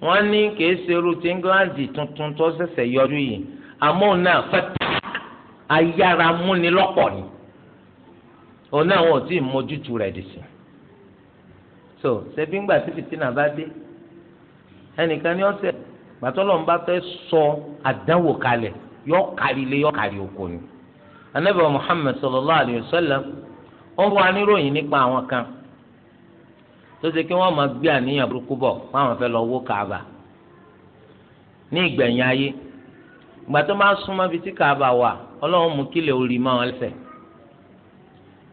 wọ́n ní kìí ṣe irú ti England tuntun tó ṣẹ̀ṣẹ̀ yọjú yìí àmọ́ náà fẹ́tà ayára múni ni òun náà wọn ò tí ì mójútu rẹ̀ dì sí. so ṣebí ńgbà tí fìtínà bá dé ẹnìkan ni ó ṣe gbàtọ́lọ̀ ń bá fẹ́ sọ àdánwò kalẹ̀ yọ kárí ilé yọ kárí oko ni anabi muhammed sallallahu alayhi wa sallam ó ń wá níròyìn nípa àwọn kan tó ṣe kí wọ́n máa gbé àníyàn burúkú bọ̀ fáwọn fẹ́ lọ wó kaaba ní ìgbẹ̀yìn ayé ìgbà tó máa súnmọ́ bíi tí kaaba wà ọlọ́run mú kílẹ̀ ó mọ́ wọn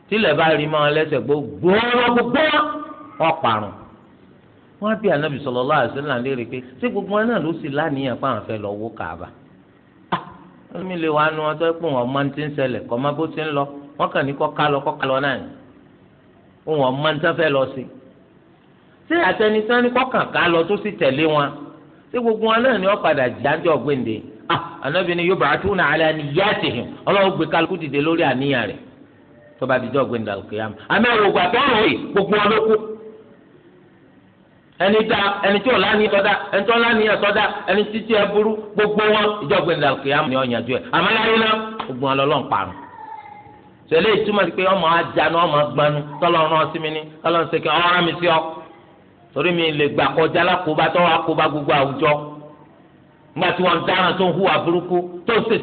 tílẹ̀ bá rí mọ́ wọn lẹ́sẹ̀ gbogbo wọn gbogbo parun wọ́n á bí anabi sallallahu alaihi wasallam léèrè pé ṣé gbogbo wọn náà ló sì láníyàn pé àwọn fẹ́ lọ wó kàába ẹlòmíì lè wá nu wọn tó pé wọn máa ń ti ń kọ máa bó ti ń lọ wọn kàn ní kọ ká lọ kọ ká lọ náà ni wọn máa ń lọ sí ni wọn padà ah, ni gbé kálukú dìde lórí àníyàn tó bá ẹni dá ẹni tí ọ̀la ní sọ́dá ẹni tí ọ̀la ní ẹ̀sọ́dá ẹni títí ẹ burú gbogbo wọn ìjọba ìdàlùkì yà ni ọ̀yàn ju ẹ̀ náà gbogbo wọn parun. sẹ́lẹ̀ ìtumọ̀ sí pé ọmọ ajanu ọmọ gbanu tọ́lọ́run ọ̀sìn mi ní ọlọ́run ṣe ọ̀rọ̀ mi sí ọ. torí mi lè gbà kọjá lákòóbá tọ́wọ́ àkóbá gbogbo àwùjọ. nígbà tí wọ́n dáràn tó ń burúkú tó pé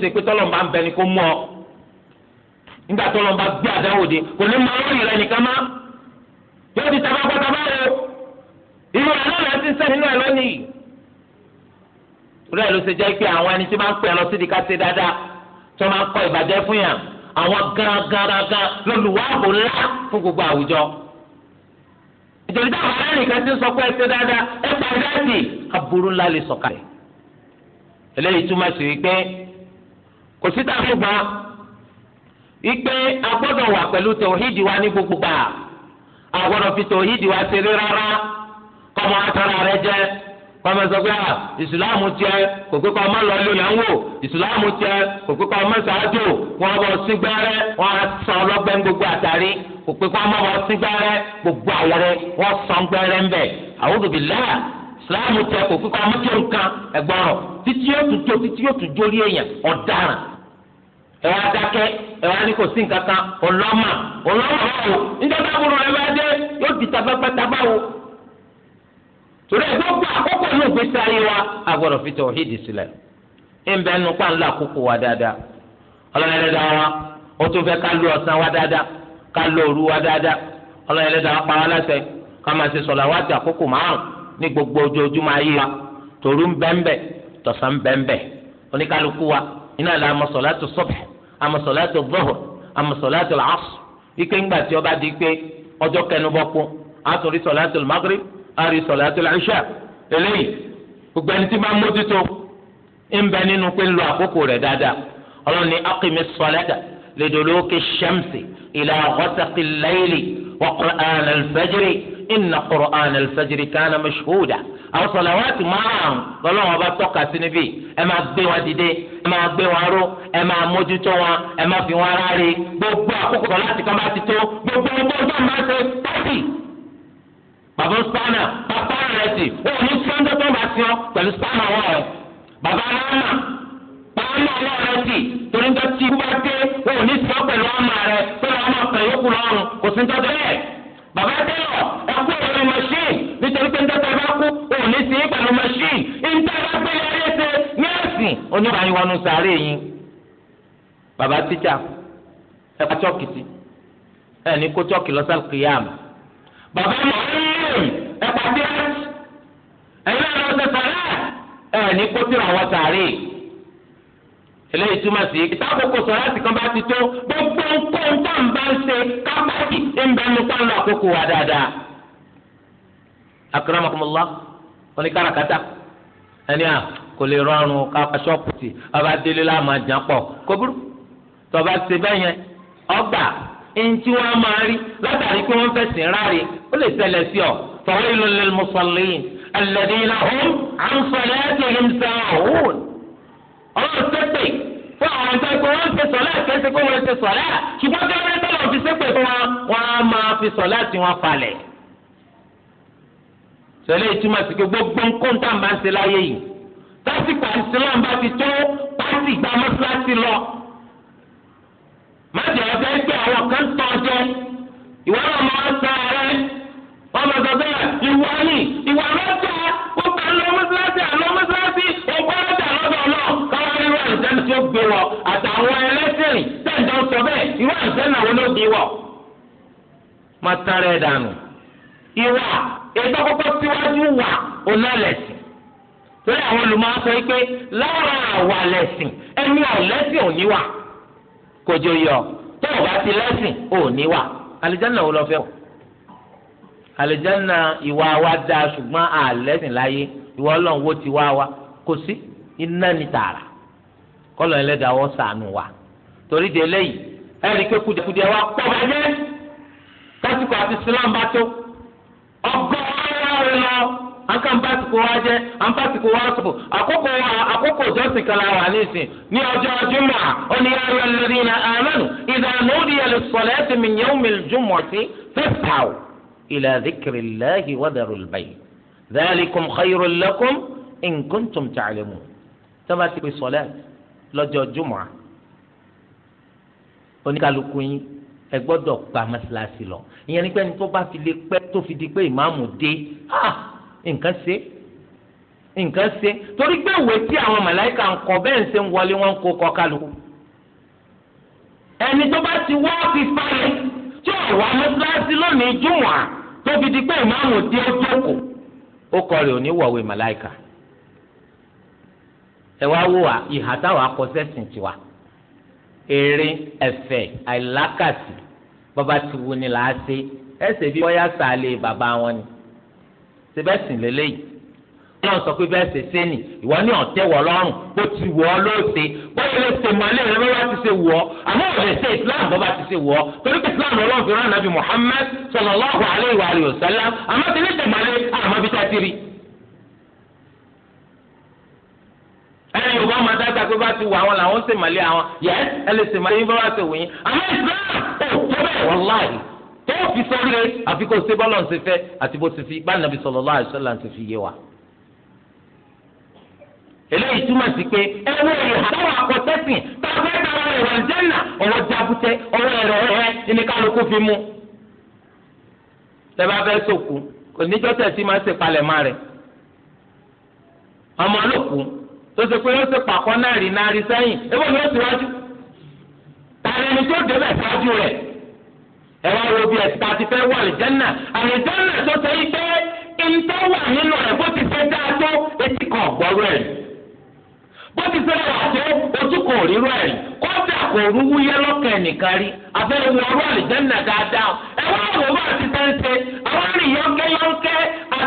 ìrora náà ti sí sẹ́yìn nínú ẹ̀ lónìí rẹ̀ ló ṣe jẹ́ pé àwọn ẹni tí máa ń pè lọ sídìí ká ṣe dáadáa tí wọ́n máa ń kọ ìbàjẹ́ fún yàn àwọn gangan lọ́lùwàbò gbogbo àwùjọ ìjọba àwọn aráàlú kan ti sọ pé ẹ ṣe dáadáa ẹ pa ìdáàdì aburú ńlá lè sọ̀kalẹ̀ eléyìí túmọ̀ sí wípé kò sí gbà wípé a gbọ́dọ̀ wà pẹ̀lú tòhídìí wa ní gbogbo gbà ọmọ atara rẹ jẹ kọ́mọ sọ pé ìsìláàmù tiẹ̀ kò pé kọ́ ọmọ lọ lò náà ń wò ìsìláàmù tiẹ̀ kò pé kọ́ ọmọ sàájò wọn bọ̀ wọn sọ ọlọ́gbẹ́ gbogbo àtàrí kò pé bọ̀ sí gbogbo wọn sọ gbẹ́rẹ́ ń bẹ̀ a'udhu billah ìsìláàmù kò pé ọmọ tó nǹkan títí yóò tún jó títí yóò tún èèyàn ọ̀daràn rẹ bá dé torí ẹ̀ gbogbo àkókò ní òfin sáré wa a gbọ́dọ̀ fi tọ̀hídì sílẹ̀ ńbẹ́ nu pa ńlá àkókò wa dáadáa ọlọ́run ẹlẹ́dàá wa ó tún fẹ́ ká lo ọ̀sán wa dáadáa ká lo òru wa dáadáa ọlọ́run ẹlẹ́dàá wa pa wá ká máa ṣe sọ̀lá wáàtì àkókò márùn ní gbogbo ojoojúmọ́ wa ń àrí sọ̀látùl ìṣà eléyìí gbogbo ẹni tí máa mójútó ń bẹ nínú pé ń lo àkókò rẹ̀ dáadáa ọlọ́run ní akimi sọ̀látà liduluki shamsi ila ghasaqi layli wa qur'an al-fajri inna qur'an al-fajri kana mashhuda àwọn sọ̀làwátì márùn-ún lọ́lọ́wọ́n bá tọ́ka sí níbí ẹ máa gbé wọn dìde ẹ máa gbé wọn ró ẹ máa mójútó wọn ẹ máa fi wọn rárẹ̀ gbogbo àkókò bàbá spanner bàbá rẹ̀ sì ó ní sọ́ńdọ́ tó bá sí ọ pẹ̀lú spanner wọn rẹ̀ bàbá lánà pàánù ọlọ́rẹ̀ sì torí ń tọ́tí ikú bá dé ó ní sọ́ pẹ̀lú ọmọ rẹ̀ pẹ̀lú ọmọ kan yókù lọ́rùn kò sí ń tọ́jú ẹ̀ bàbá tẹ́lọ̀ ẹkú ìròyìn machine nítorí pé ń tọ́jú bá kú ó ní sí pẹ̀lú machine ń tọ́jú pé yẹrẹ ṣe ní ẹ̀sìn oníbàáyí wọnú sàárè yín bàbá tíjà ẹ̀ka chọ́ọ̀kì sí ẹ̀ ní kó chọ́ọ̀kì lọ́sàkìyàmù bàbá mọ̀ọ́lì dé ẹ̀yin náà lọ́wọ́ sẹ́sọ̀ rẹ̀ ẹ̀ ní kó tí àwọn sàárè eléyìí túmọ̀ sí ìta àkókò sọ̀rọ̀ àti kan bá ti tó gbogbo nǹkan tó ń bá ń ṣe kápákì ń nípa wa dáadáa. ẹni à kò lè rọrùn ọba délé láàmú tọba bẹ́ẹ̀ yẹn ọgbà ẹni tí wọ́n máa rí látàrí pé wọ́n فويل للمصلين الذين هم عن صلاتهم ساهون ọlọ́run ṣépè fún àwọn في صلاة wọn fi في صلاة. kó wọn ti sọ̀lá ṣùgbọ́n kí wọ́n tọ́lọ̀ fi ṣépè fún wọn wọn á máa fi sọ̀lá tí wọ́n falẹ̀. sọ̀lá ìtumọ̀ sí pé gbogbo nǹkan tá à ń bá láyé yìí lásìkò àìsílẹ̀ ń bá ti tó pàṣẹ ìgbà mọ́ṣáláṣí lọ. má jẹ́ ọ̀fẹ́ gbé àwọn kan tán ìwọ́n náà máa ń sọ wọ́n bá sọ bẹ́ẹ̀ ìwà ni ìwà lọ́jà ó bá lọ mọ́sálásí àlọ́ mọ́sálásí ọgbọ́n lọ́jà lọ́dọ̀ náà káwọn irú àǹtẹ́ni tí ó gbé wọ àtàwọn ẹlẹ́sìn tẹ̀jọ́ sọ bẹ́ẹ̀ irú àǹtẹ́ni àwọn ló gbé wọ. má tara ẹ̀ dànù ìwà ètò kọ́kọ́ síwájú wà ọ̀nà lẹ̀sìn torí àwọn olùmọ̀ sọ pé lára àwà lẹ̀sìn ẹni ọ̀lẹ́sìn ò ní wà kòjò yọ tó o bá ti lẹ́sìn ò ní wà àlìjáná ò lọ fẹ́ wọ̀. àlùjánnà ìwà wa da ṣùgbọ́n àlẹ́sìn láyé ìwà ọlọ́run ti wá wa kò sí iná ni tààrà sànù wa torí de eléyìí ẹ̀rí pé kùdìẹ̀kùdìẹ̀ wa pọ̀ bẹ́ẹ̀ kásìkò àti sílám bá tó ọgọ́rùn-ún lọ anka mpasiko wa jẹ ampasiko wa sọfọ àkókò wa àkókò jọsìn kala wa nísìn ní ọjọ́ juma oníyàrá alladhina amanu idha nudiya lis-salati min yawmil إلى ذكر الله وذروا البيع ذلكم خير لكم إن كنتم تعلمون تما تبي صلاة lọ́jọ́ jùmọ̀á oníkàlùkù yín ẹ gbọ́dọ̀ gba mọ́sálásí lọ ìyẹn ni pé ní tó bá fi lè pẹ́ tó fi di pé ìmáàmù dé nǹkan ṣe nǹkan ṣe torí pé ìwé tí àwọn màláìka ń kọ bẹ́ẹ̀ ń ṣe ń wọlé wọn kó kọ kálukú ẹni tó bá ti wá fi falẹ̀ tí ò wá mọ́sálásí lónìí jùmọ̀á tóbi di pé ìmáàmù tí ó jókòó ó kọ rẹ̀ ò ní wọ̀wé màláìkà ẹ wá wò wá ìhà táwọn akọ́sẹ́sìn tiwa eré ẹ̀fẹ̀ àìlákàsì bàbá ti wu ni làá ṣe ẹsẹ̀ bí wọ́n yá sàlẹ̀ bàbá wọn ni ṣe bẹ́ẹ̀ sìn lélẹ́yìí náà sọ pé bẹ́ẹ̀ ṣe ṣe nì ìwọ ní ọ̀tẹ́wọ̀ lọ́rùn bó ti wọ̀ ọ́ ló ṣe bóyá lè ṣe màálé rẹ lọ́wọ́ ti ṣe wọ̀ àmọ́ ò ṣe islam bọ́ bá ti ṣe wọ̀ ọ́ torí pé islam ọlọ́run fi rán nàbì muhammad sallallahu alaihi wa alihi wasallam àmọ́ ti ní tẹ̀mọ́lé àmọ́ bí tá ti rí. ẹni yorùbá máa dáadáa pé bá ti wọ àwọn làwọn ṣe màálé àwọn yẹ ẹ lè ṣe màálé yín bá wà ṣe wòyìn àmọ́ islam tó fi sọ́lé àfi kó ṣe bọ́lọ̀ ṣe fẹ́ àti bó ti fi bá nàbì sallallahu alaihi wasallam ti fi yé wa eléyìí túmọ̀ sí pé ẹnu ẹ̀rọ àtàwọn akọ̀tẹ́sìn tàbí àwọn ẹ̀rọ ìjẹ́nà ọ̀rọ̀ jábútẹ́ ọ̀rọ̀ ẹ̀rọ ẹ̀ ní kálukú fi mú. tẹ́lá fẹ́ sòkú oníjọ́ tẹ̀sí máa ń ṣèpalẹ̀ má rẹ̀. ọmọ olóòkú tó ṣe pé yóò ṣe pàkọ́ náà rí náà rí sẹ́yìn ebó ni ó ti wájú. tàbí ẹni tó débẹ̀ ṣáájú rẹ̀ ẹ wá wo bí ẹ̀ ta ti fẹ́ wà àlìjẹ́nà àlìjẹ́nà rẹ̀ bó wọ́n ti sẹ́lẹ̀ wá ojú kò rírú ẹ̀ rí kọ́ńtà kò rú wúyẹ́ lọ́kàn nìkan rí abẹ́rẹ́ wọn ọ̀rọ̀ àlìjẹ́nà dáadáa ẹ wá wò wá ti sẹ́ńsẹ́ àwọn rìn yọ̀ǹkẹ́ yọ̀ǹkẹ́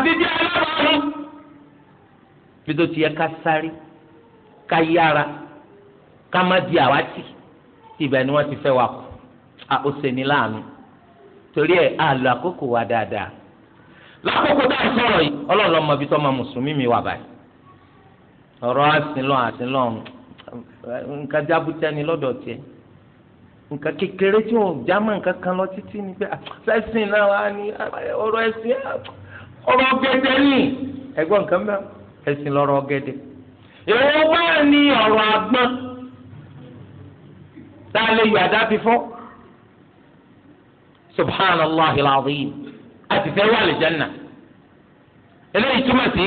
bí alábàárù. bí tó ti yẹ ká sáré ká yára ká má di àwátì ibẹ̀ ni wọ́n ti fẹ́ ó ṣe ní láàánú torí Ọrọ asinlọ asinlọ nǹkan jábútẹ́ ni lọdọ nka kekere kan lọ ni pé ah, sẹ́sìn náà wà ní ọ̀rọ̀ ẹ̀sìn ah, ni ẹ̀gbọ́n nǹkan bẹ́ẹ̀ ni ọrọ àgbọn tá a lè yọ àdá fi fọ́ subhanallah alazim àti wà lè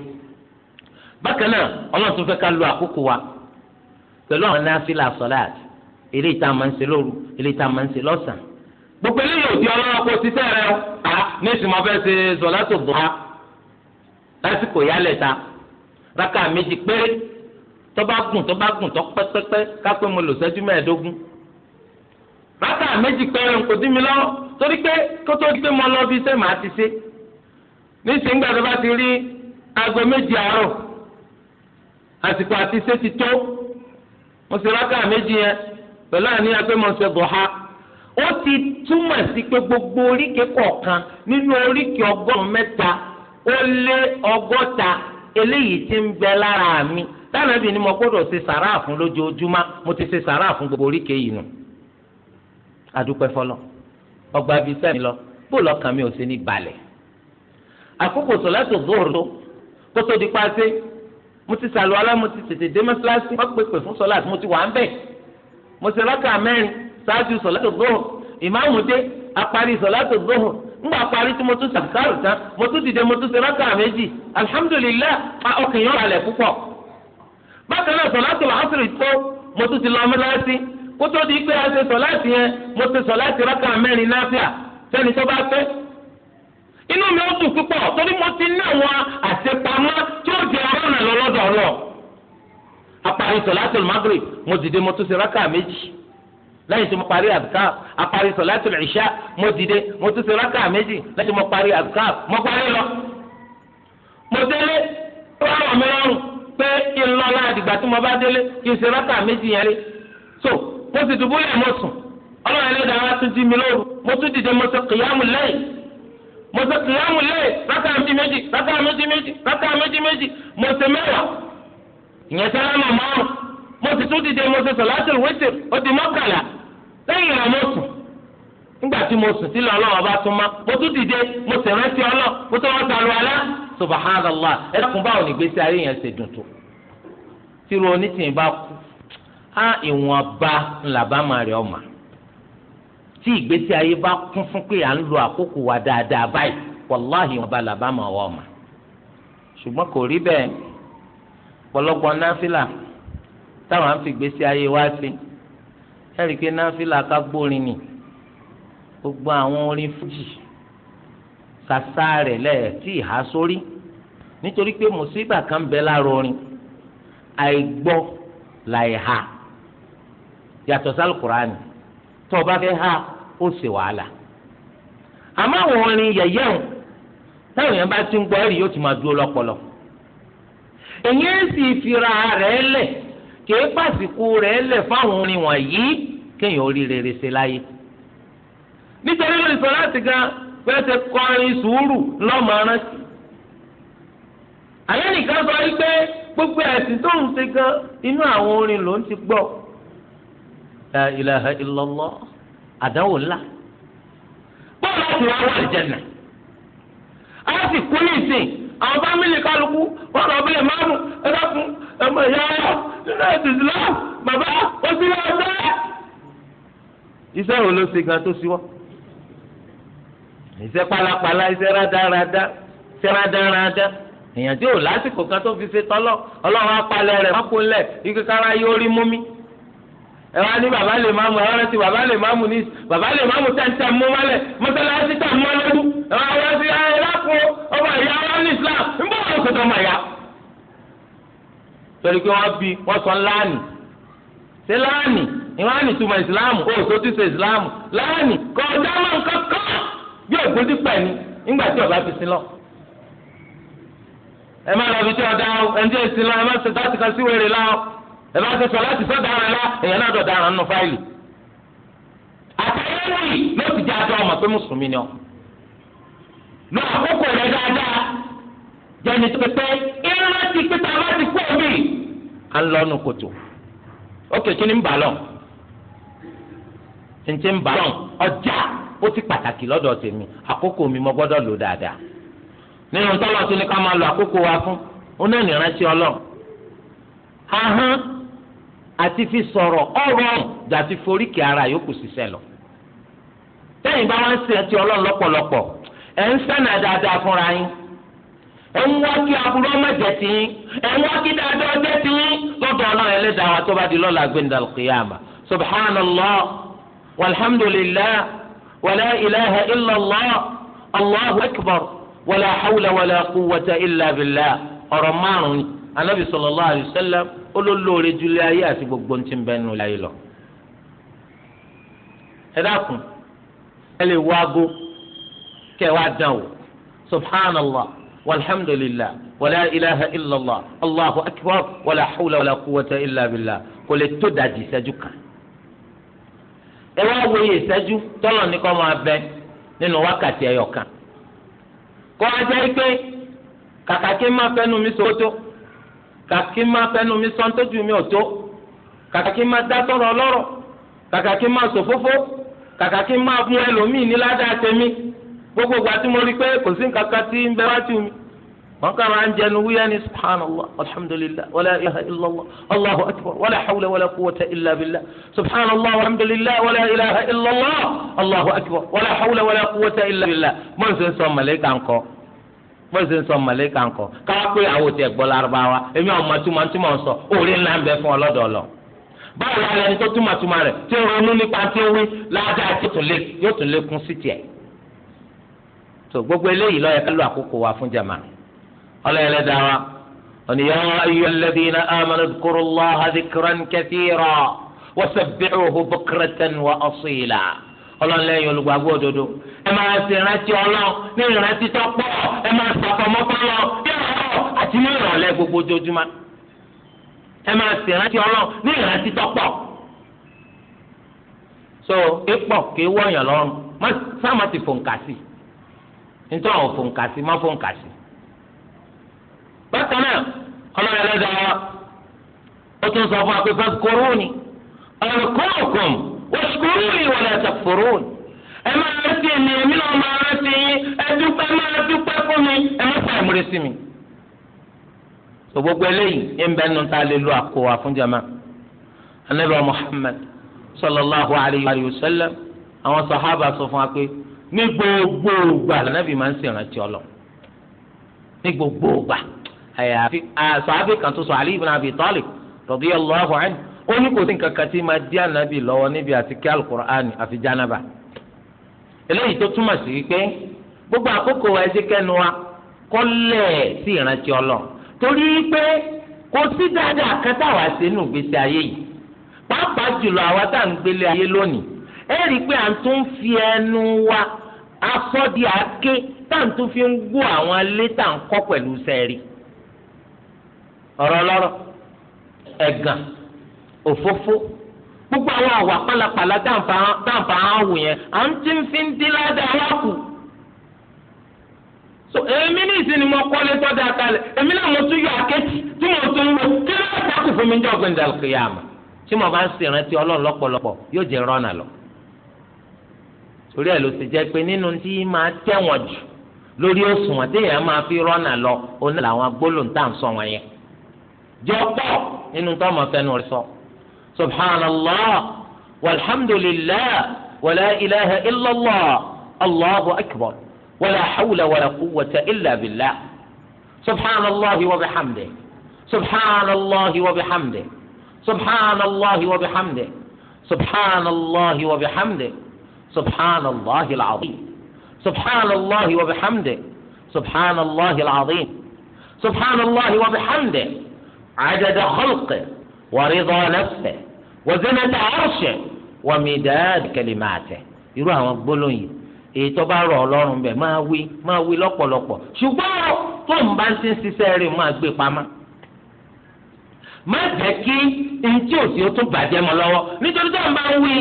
bákan náà ọlọ́run tún fẹ́ ká lo àkókò wa pẹ̀lú àwọn náfìlà sọ́láàtì eléyìí tá a máa ń ṣe lóru eléyìí tá a máa ń ṣe lọ́sàn. gbogbo eléyìí ò di ọlọ́wọ́ kó ṣiṣẹ́ rẹ à ní ìsìn máa fẹ́ ṣe sọ̀látò bùhá lásìkò yálẹ̀ ta rákà méjì péré tó bá gùn tó bá gùn tó pẹ́pẹ́pẹ́ kápẹ́ mo lò sẹ́jú mẹ́ẹ̀ẹ́dógún. rákà méjì péré ń kò mi lọ́wọ́ torí pé kó tó gbé mọ́ lọ́ bí iṣẹ́ màá ti ṣe. níṣìí ń gbàdúrà ti rí aago méjì àárọ̀ àsìkò àti ṣe ti tó mo ṣe rákà méjì yẹn pẹ̀lú àníyàn pé mo ṣe dùhà ó ti túmọ̀ sí pé gbogbo oríkèé kọ̀ọ̀kan nínú oríkèé ọgọ́rùn-ún mẹ́ta ó lé ọgọ́ta eléyìí ti ń bẹ lára mi dáná bíi ni mo gbọ́dọ̀ ṣe sàrà fún lójoojúmọ́ mo ti ṣe sàrà fún gbogbo oríkèé yìí nù adúpẹ́ fọlọ́ ọgbà bíi sẹ́mi lọ bó lọ́kàn mi ò sí ní balẹ̀ àkókò sọ̀lá tó zòòrò kótó di pa ṣe mo ti sàlù alá mo ti tètè dé mọ́sálásí wọ́n pèpè fún sọ́láàtì mo ti wà ń bẹ̀ mo ṣe rákà mẹ́rin ṣáájú sọ́láàtì gbóhùn ìmáàmù dé apari sọ́láàtì gbóhùn ńgbà parí tí mo tún sàkárù tán mo tún dìde mo tún ṣe rákà méjì alihamudulilayi ọkàn yóò ralẹ̀ púpọ̀ bákan náà sọ́láàtì làásìrì tó mo tún ti lọ mọ́sálásí kótó di pé a ṣe sọ́láàtì yẹn mo ṣe sọ́láàtì rákà mẹ́rin náfíà sẹ́ni tó bá fẹ́ inú mi ó dùn púpọ̀ torí mo ti ọlọ apari sọláàtì maghrib mo dìde mo tún ṣe rákà méjì lẹ́yìn tí mo parí àdùká apari sọláàtì ìṣá mo dìde mo tún ṣe rákà méjì lẹ́yìn tí mo parí àdùká mo parí lọ. mo délé rárá mi rọrùn pé kí n lọ láàdìgbà tí mo bá délé kí n ṣe rákà méjì yẹn rí so mo sì dùbúlẹ̀ mo sùn ọlọ́run ẹlẹ́dàá wa tún jí mi lóru mo tún dìde mo ṣe kìyàmù lẹ́yìn. mo ṣe kìlámù lẹ́yìn rákà méjì méjì rákà méjì méjì rákà méjì méjì mo ṣe mẹ́wàá ìyẹn sálámà márùn mo ti tún dìde mo di mọ́kànlá lẹ́yìn sùn nígbà tí mo sùn sílẹ̀ bá tún mo tún dìde mo rántí ọlọ́ mo tún wọ́n tí ìgbésí ayé bá kún fún pé à ń lo àkókò wa dáadáa báyìí wàláhì wọn bá làbá mọ ọwọ ọmọ ṣùgbọ́n kò rí bẹ́ẹ̀ pọ̀lọpọ̀ náfìlà táwọn á fi ìgbésí ayé wá sí ẹrí pé náfìlà ká gbórin ni gbogbo àwọn orin fújì sàṣà rẹ lẹẹ tí ìhà sórí nítorí pé mùsíbà kan bẹ lára orin àìgbọ́ làìhà yàtọ̀ sálùkùránì. tó o bá ha ó ṣe wàhálà àmọ́ àwọn orin yẹ̀yẹ́ o táwọn èèyàn bá ti ń gbọ ẹrì yóò ti máa dúró lọ́pọlọ èyí ń sì fira rẹ̀ lẹ̀ kìí pàṣípù rẹ̀ lẹ̀ fáwọn orin wọ̀nyí kéèyàn orí rere ṣe láyé nítorí lórí sọ láti pẹ́ẹ́sẹ̀ kọrin sùúrù sí àyẹ̀nìkan sọ wípé gbogbo ẹ̀sìn tó ń ṣe gan inú àwọn orin ló ń la ilaha illallah àdánwò ńlá bọ́ọ̀lù ọ̀sùn wa wà lìjẹ̀nà a sì kú ní ìsìn àwọn fámìlì kálukú wọn lọ bẹ̀rẹ̀ máàmù ẹ̀rọ fún ẹ̀mọ ìyá ọ̀rọ̀ nínú ẹ̀sìn ìsìlá bàbá ó sì lọ bẹ́ẹ̀. iṣẹ́ wo ló ṣe gan tó ṣíwọ́ iṣẹ́ pálapàla iṣẹ́ rádaràda iṣẹ́ rádaràda èèyàn tí ò lásìkò kan tó fi ṣe tọ́lọ́ ọlọ́run apalẹ̀ rẹ̀ mọ́kúnlẹ̀ ike kára yóò rí mú mi. ẹ wá ní bàbá lè máa mú ẹ rántí bàbá lè máa mú ní bàbá lè máa mú tẹ̀ǹtẹ̀ mú mọ́lẹ̀ mọ́sálásí tẹ̀ mọ́ lọ́dún ẹ wá wá sí ẹ lápò ìyá wa ní Islam ń bọ̀ wọ́n kò mọ̀ ya. torí pé wọ́n bí wọ́n sọ láàánì ṣé láàánì ìwọ́n á ní túmọ̀ Islam ó tó ti Islam láàánì kọ́ ọjà máa bí ògùn ti pẹ̀ ni nígbà tí ọba fi sin lọ. ẹ má lọ bí tí ọ̀dà ẹ bá ṣe sọ láti sọ dára la èèyàn náà dọ̀ dára nínú fáìlì àtàwọn wì ló ti jẹ́ ọmọ pé mùsùlùmí ni ọ lọ àkókò rẹ dáadáa jẹni tó pé irun ti pété a bá kú òbí à ń kòtò ókè kí ni ń bà lọ ntí ń bà lọ ọjà ó ti pàtàkì lọ́dọ̀ tèmi àkókò mi gbọ́dọ̀ lò dáadáa nínú lo àkókò wa fún àti fi sọ̀rọ̀ ọ̀rọ̀ jàti foríkì ara yòókù ṣiṣẹ́ lọ. tẹ́yìn bá wọ́n ń ṣe ẹtì ọlọ́run lọ́pọ̀lọpọ̀ ẹ̀ ń sànà dáadáa fúnra yín ẹ̀ ń wá kí aburú ọmọ ẹ̀jẹ̀ tì yín ẹ̀ ń wá kí dáadáa ọjọ́ tì yín lọ́dọ̀ ọlọ́run ẹlẹ́dàá wa tó bá di lọ́la gbẹ̀ndàl qiyama subhanallah walhamdulillah wala ilaha illallah anabi sallallahu alaihi wasallam olólóore julẹ ayé àti gbogbo ntí ń bẹ nù láyé lọ. ẹ dákun ẹ lè wá aago kẹ wá dán o subhanallah walhamdulillah wala ilaha illallah allahu akbar wala hawla wala quwwata illa billah kò lè tó dajì ìṣẹ́jú kan. ẹ wá wòye ìṣẹ́jú tọ́lọ̀ ní kọ́ máa bẹ nínú wákàtí ẹyọ kan. kọ́ ajá ike kàkàkí máa fẹ́nu mi sọ́tò. So kàkí má fẹnu mi sọ ntójú mi ò tó kàkí má dá sọ̀rọ̀ ọlọ́rọ̀ kàkí má sòfófó kàkí má mú ẹlòmíì ní ládàá tèmi gbogbo ìgbà tí mo rí pé kò sí nǹkan kan tí ń bẹ wájú mi wọn kà máa ń jẹnu wíyá ni subhanallah alhamdulilah wàlá ilaha illallah allahu akbar wàlá hawla wàlá quwwata illa subhanallah alhamdulilah wàlá ilaha illallah allahu akbar wàlá hawla wàlá quwwata illa billah sọ mọ̀lẹ́kà ńkọ́ bọ́sẹ̀ ń sọ mọ̀lẹ́kà ńkọ káwá pé àwọn ò tiẹ̀ gbọ́ lárúbáwá èmi àwọn mọ̀túmọ̀ tí mò ń sọ òòrè ńlá ń bẹ fún ọlọ́dọ̀ lọ. báwo la ẹni tó túmọ̀ túmọ̀ rẹ̀ tí ó ronú nípa tí ó wí ládàá tí yóò tún lékún sí tiẹ̀. tó gbogbo eléyìí ló ká lo àkókò wa fún jàmá ọlọ́yẹlẹ́dá wa ọ̀nìyàn ayyuhalladhina ọlọ́nlẹ́yìn olùgbàgbọ́ òdodo ẹ máa ṣe ìrántí ọlọ́run ní ìrántí tó pọ̀ ẹ máa ṣàfọmọ́ fọlọ́ bí ọ̀rọ̀ àti ní ìrọ̀lẹ́ gbogbo ojoojúmọ́ ẹ máa ṣe ìrántí ọlọ́run ní ìrántí tó pọ̀ so ké pọ̀ wọ̀nyàn lọ́rùn sáàmà ti fòǹkà sí nítorí àwọn wọ́sùkúrú ni wọ́n lè sàkúrú ẹ máa rántí èmi èmi náà máa rántí yín ẹ dúpẹ́ máa dúpẹ́ fún mi ẹ má fà ìmúre sí mi. sọ gbogbo eléyìí ń bẹ nínú tá a lè lo àkó àfúnjàmá anabi muhammad sallallahu alayhi wa sallam àwọn sahaba sọ fún wa pé ní gbogbo ìgbà anabi máa ń ṣèrántí ọlọ ní gbogbo ìgbà àyàfi àṣọ àbíkan tó sọ ali ibn abi talib radiyallahu anhu ó kò sí nǹkan kan tí máa dí ànábì lọ́wọ́ níbi àti kí alukur'ani àfi jánaba sí wípé gbogbo àkókò wa ẹjẹ kẹnu wa kọ́lẹ̀ sí ìrántí ọlọ torí pé kò sí dáadáa kẹta wá ayé yìí pàápàá jùlọ rí i pé à ń tún fi ẹnu wa afọ́dí àáké tá à ń tún fi ń gbó àwọn ilé tá à ń kọ́ pẹ̀lú òfófó gbogbo àwọn àwà pálapàla dáǹfà áwù yẹn à ń tí ń fi ń dín ládàá wá so èmi ní ìsinmi mo kọ́lé tọ́jà kalẹ̀ èmi náà mo tún yọ àkẹ́tì tí mo tún wò kí ló ń takù fún mi ní ọ̀gbìn dàlùkìyàmù tí mo bá ń ṣèrántí ọlọ́run lọ́pọ̀lọpọ̀ yóò jẹ́ rọ́nà lọ. torí ẹ̀ ló ti jẹ́ pé nínú tí máa tẹ̀wọ̀n jù lórí òṣùwọ̀n téèyàn máa fi rọ́nà lọ òun làwọn سبحان الله والحمد لله ولا إله إلا الله الله أكبر ولا حول ولا قوة إلا بالله سبحان الله وبحمده سبحان الله وبحمده سبحان الله وبحمده سبحان الله وبحمده سبحان الله العظيم سبحان الله وبحمده سبحان الله العظيم سبحان الله وبحمده عدد خلقه ورضا نفسه wọ̀zẹ́nẹ́tà àrùṣẹ̀ wọ̀mídàáàdì kẹlẹ́màtẹ̀ irú àwọn gbólóyìn èyí tó bá rọ̀ ọlọ́run bẹ̀ máa wí máa wí lọ́pọ̀lọpọ̀ ṣùgbọ́n tó ń bá ti ń ṣiṣẹ́ rẹ̀ máa gbé pamọ́ má jẹ́ kí ntí òsì ó tún bàjẹ́ mọ́ lọ́wọ́ nítorí tó ń bá ń wí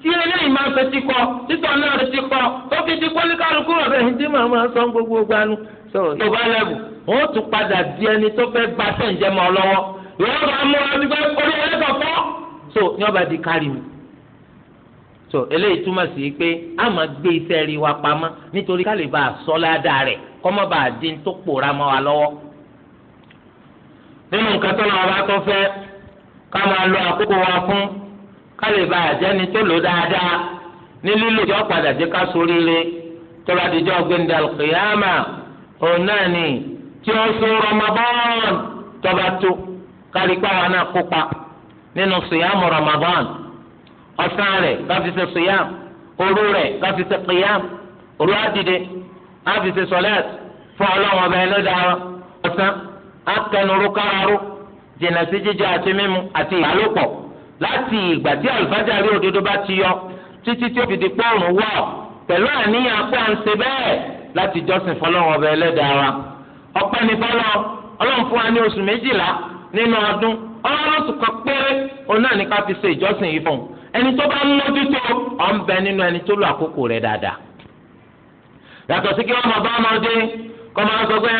tí eléyìí máa ń fetí kọ títọ́ náà ti kọ tó fi ti kólíkàlùkù ọ̀rẹ́ yìí tí màmá sọ gbogbo gbanú tó bá lẹ́bù wọ́n tún padà di ẹni tó fẹ́ gbàtẹ́ ǹjẹ́ mọ́ lọ́wọ́ so ní ọba di kárí mi so eléyìí túmọ̀ sí pé a máa gbé iṣẹ́ rí wa pamọ́ nítorí ká lè a rẹ̀ kọ́ bá a dín tó pòórá mọ́ wa lọ́wọ́ nínú nǹkan tó lọ́wọ́ bá tó fẹ́ ká máa lo àkókò wa fún ká lè ní lílo tí ó tó bá tó nínú sùyàmù Ramadan ọ̀sán rẹ̀ káfi ṣe sùyàmù òru rẹ̀ káfi ṣe kìyàmù òru àdìde káfi ṣe sọlẹ́t fún ọlọ́wọ́n ọba ẹlẹ́dàá ọ̀sán akẹnuru kárarú jìnnà sí jíjẹ àti mímu àti ìbálòpọ̀ láti ìgbà tí àlùfáàjà rí òdodo bá ti yọ títí tí ó fi di pọ́ọ̀rùn wọ̀ pẹ̀lú àníyàn pé à ń ṣe bẹ́ẹ̀ láti jọ́sìn fọlọ́wọ́n ọba ẹlẹ́dàá wa ọpẹ́ ní fọlọ́ ọlọ́run fún wa ní oṣù méjìlá nínú ọdún ọlọ́run sì kọ péré òun náà fi ṣe ìjọsìn yìí fún un ẹni tó bá ń ọ̀ ń bẹ nínú ẹni tó lò àkókò rẹ̀ dáadáa. yàtọ̀ sí kí wọ́n máa bá ọmọdé kọ́ máa sọ pé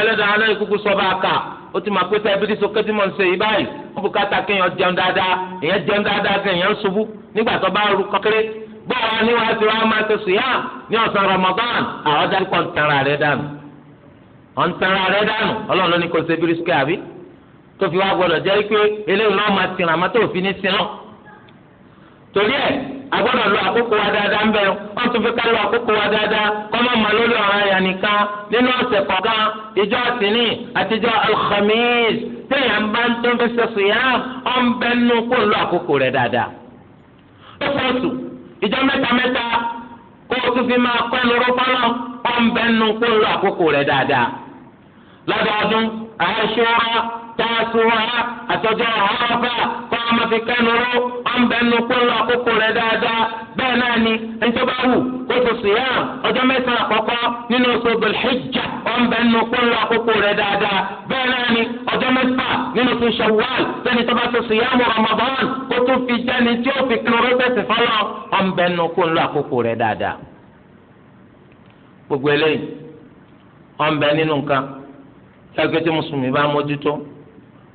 ẹlẹ́dàá alẹ́ ìkúkú sọ bá a kà ó ti máa pé sẹ́ ibi tí so mọ̀ ń ṣe yìí báyìí wọ́n bu káta jẹun dáadáa èèyàn jẹun dáadáa tó fi wá gbọ́dọ̀ jẹ́ pé eléyìí náà máa tìrìn àmọ́ tó fi ní sinú. torí ẹ̀ a gbọ́dọ̀ lo wa dáadáa ń bẹ wọ́n tún fi ká lo àkókò wa dáadáa kọ́ máa ma lórí ọ̀rọ̀ àyà nìkan nínú ọ̀sẹ̀ kọ̀ọ̀kan ìjọ àtìní àtijọ́ alhamis téèyàn bá ń tó fi sọ̀sọ̀ yá ọ̀ ń bẹ nínú kó lo àkókò rẹ̀ dáadáa. ó fọ́ọ̀sù ìjọ mẹ́ta mẹ́ta kó o tún fi máa kọ́ lóró fọ́lọ́ ọ̀ ń bẹ nínú kó lo àkókò rẹ̀ dáadáa. lọ́dọọdún àyẹ̀ṣọ́ra tasuwa àtọjọ́ ọ̀hánfà kọ́ ọmọ fi kẹ́nu ró ọ̀nbẹ nu kólọ dáadáa bẹ́ẹ̀ náà ni ntọ́ba siyam ọjọ́ mẹ́sàn-án àkọ́kọ́ nínú hijja ọ̀nbẹ nu kólọ àkókò dáadáa bẹ́ẹ̀ náà ni ọjọ́ mẹ́fà nínú oṣù Shawwal sẹ́ni Ramadan fi tí fi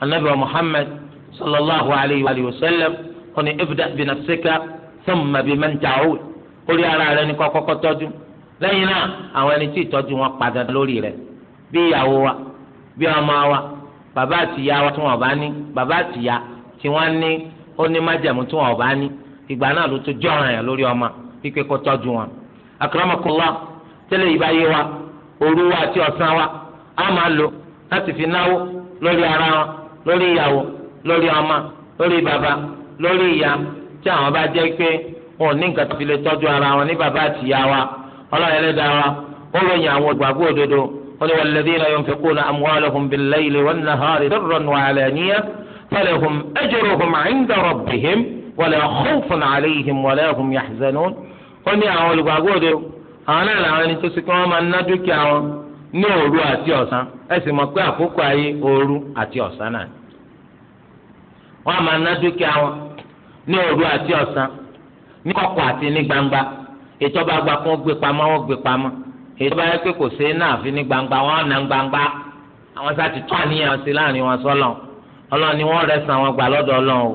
anabi muhammad sallallahu alayhi wa sallam ó ní ibda bi nafsika thumma bi man ta'ud orí ara rẹ ni kó kọ́kọ́ tọ́jú lẹ́yìn náà àwọn ẹni tí ìtọ́jú wọn padà lórí rẹ bí ìyàwó wa bí ọmọ wa bàbá àtìyá wa tí wọn bá ní bàbá àtìyá tí wọn ní ó ní májẹ̀mú tí wọn bá ní ìgbà náà ló tó jọ̀ràn yẹn lórí ọmọ pípé kó tọ́jú wọn. akramakullah tẹ́lẹ̀ yìí bá yé wa òru wa àti ọ̀sán wa á máa lò láti fi náwó lórí ara wọn lórí ìyàwó lórí ọmọ lórí bàbá lórí ìyá tí àwọn bá jẹ́ pé wọn ò ní nǹkan tó fi lè tọ́jú ara wọn ní bàbá àti ìyá wa ọlọ́run ẹlẹ́dàá wa ó lóyìn àwọn ìgbàgbọ́ òdodo wọn ni walladhina yunfiquna amwalahum bil-layli wan-nahari sirran wa alaniya falahum ajruhum 'inda rabbihim wala khawfun 'alayhim wala hum yahzanun ó ní àwọn olùgbàgbọ́ òdodo àwọn náà làwọn ẹni tó sì kí wọ́n máa ná dúkìá wọn ní òru àti ọ̀sán ẹ sì mọ̀ pé àkókò ayé òru àti ọ̀sán náà wọ́n á máa ná dúkìá wọn ní òru àti ọ̀sán ní kọ̀kọ̀ àti ní gbangba ètò ọba gba kó gbé pamọ́ wọ́n gbé pamọ́ ètò ọba yẹ pé kò sí náà àfi ní gbangba wọ́n ná gbangba àwọn sá ti tó àníyàn sí láàrin wọn sọ́lọ̀ ọlọ́run ni wọ́n rẹ̀ san wọn gbà lọ́dọ̀ ọlọ́run o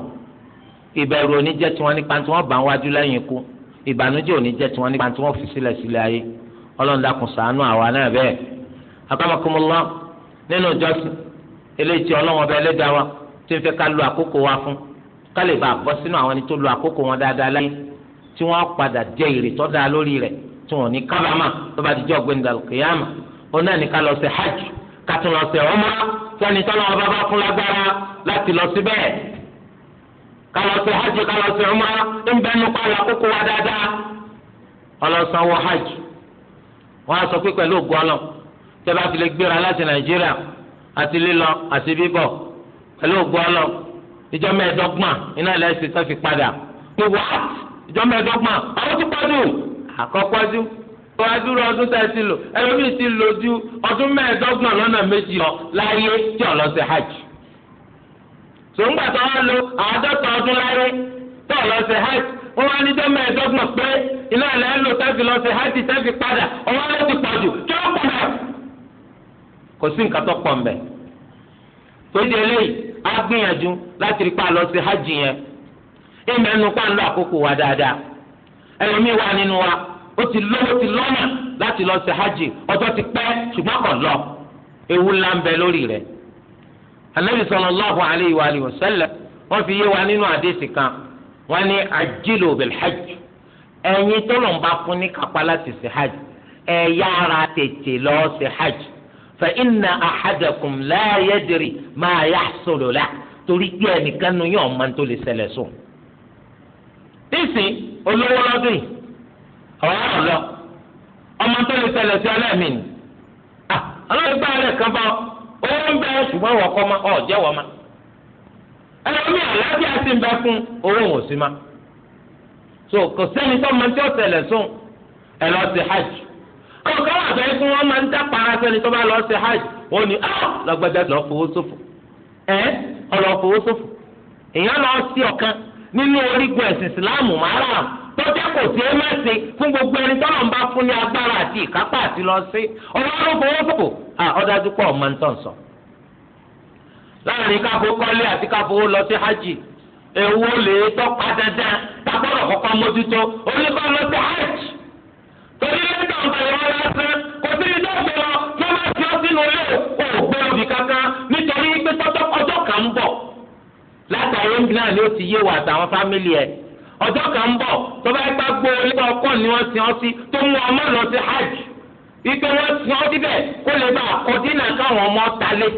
ìbẹ̀rù oníjẹ́ tí wọ́n nípa tí wọ́n bá ń wájú lẹ́yìn ikú ìbànújẹ́ oníjẹ́ tí wọ́n nípa tí wọ́n fi sílẹ̀ sílẹ̀ ayé ọlọ́run dákun ṣàánú àwa náà bẹ́ẹ̀ akamakumulọ nínú ìjọsìn eléyìí tí ọlọ́wọ́n bẹ lẹ́dàá wa tí fẹ́ ká lo àkókò wa fún ká lè bá a bọ́ sínú àwọn ẹni tó lo àkókò wọn dáadáa láyé tí wọ́n padà jẹ èrè lórí rẹ̀ tí wọ́n ní kábàámà tó bá di jọ́ kìyàmà náà ní ká lọ sí hajj ká tún lọ sí sani bá fún lágbára láti lọ síbẹ̀ ká lọ sí hajj ká lọ sí ń nípa àkókò wa dáadáa ọlọ́sàn wọ hajj wọ́n á sọ pé pẹ̀lú ògùn tẹ́lá fi lè gbéra láti nàìjíríà àti lílọ àti bíbọ̀ pẹ̀lú ògbọ́lọ̀ ìjọ mẹ́ẹ̀ẹ́dọ́gbọ̀n iná lẹ́sìn tó fi padà pé wáá ìjọ mẹ́ẹ̀ẹ́dọ́gbọ̀n àwọn ti pàdù àkọ́kọ́jú ìwádúró ọdún tẹ́ ti lò ẹlòmíì ti lò ju ọdún mẹ́ẹ̀ẹ́dọ́gbọ̀n lọ́nà méjì lọ láyé tí hajj lo àádọ́ta ọdún láyé tí hajj kò sí nǹkan tó pọ̀ mbẹ̀ torí di eléyìí á gbìyànjú láti rí pa lọ sí hajj yẹn ìmọ̀ ẹnu pa ń lọ àkókò wa dáadáa ẹlòmíín wà nínú wa ó ti lówó ti lọ́nà láti lọ sí hajj ọjọ́ ti pẹ́ ṣùgbọ́n kàn lọ ewu ńlá ń bẹ lórí rẹ̀ anabi sallallahu alayhi wa alihi wa sallam wọ́n fi yé wa nínú àdéhìí kan wọ́n ní ajilu bil ẹ̀yin tó lọ́n fún ní kápá láti sí hajj ẹ yára tètè lọ sí hajj فإن أحدكم لا يدري ما يحصل له torí pé ẹnìkan nu yóò máa ń tó lè ṣẹlẹ̀ sùn. olówó lọ́dún yìí ọ̀rọ̀ náà lọ ọmọ tó lè ṣẹlẹ̀ sí ọlẹ́mì ni. ọlọ́run gbá ẹlẹ́ ma ọ̀ jẹ́ wọ́n ma. kò hajj. àwọn kan wà fẹ́ kí wọ́n máa ń dá para sẹ́ni tó bá lọ si hajj wọ́n ni ah, lọ́gbẹ́dẹ́ lọ fowó ṣòfò ọlọ èèyàn lọ sí ọ̀kan nínú orígun ẹ̀sìn ìsìláàmù márùn-ún tọ́jà kò sí ẹ gbogbo ẹni tọ́lọ̀ ń bá fún ní agbára àti ìkápá àti lọ sí ọlọ́run pọ̀ ń tàn sọ. hajj lè tábọ̀rọ̀ kọ́kọ́ mójútó oníkọ́ lọ látàrí náà ni ó ti yé wa àtàwọn fámìlì ẹ ọjọ́ kan ń tó bá gbá gbó lẹ́gbàá ọkọ ni sin tó mú ọmọ lọ sí hajj wípé sin kó lè bá káwọn ọmọ ó rí i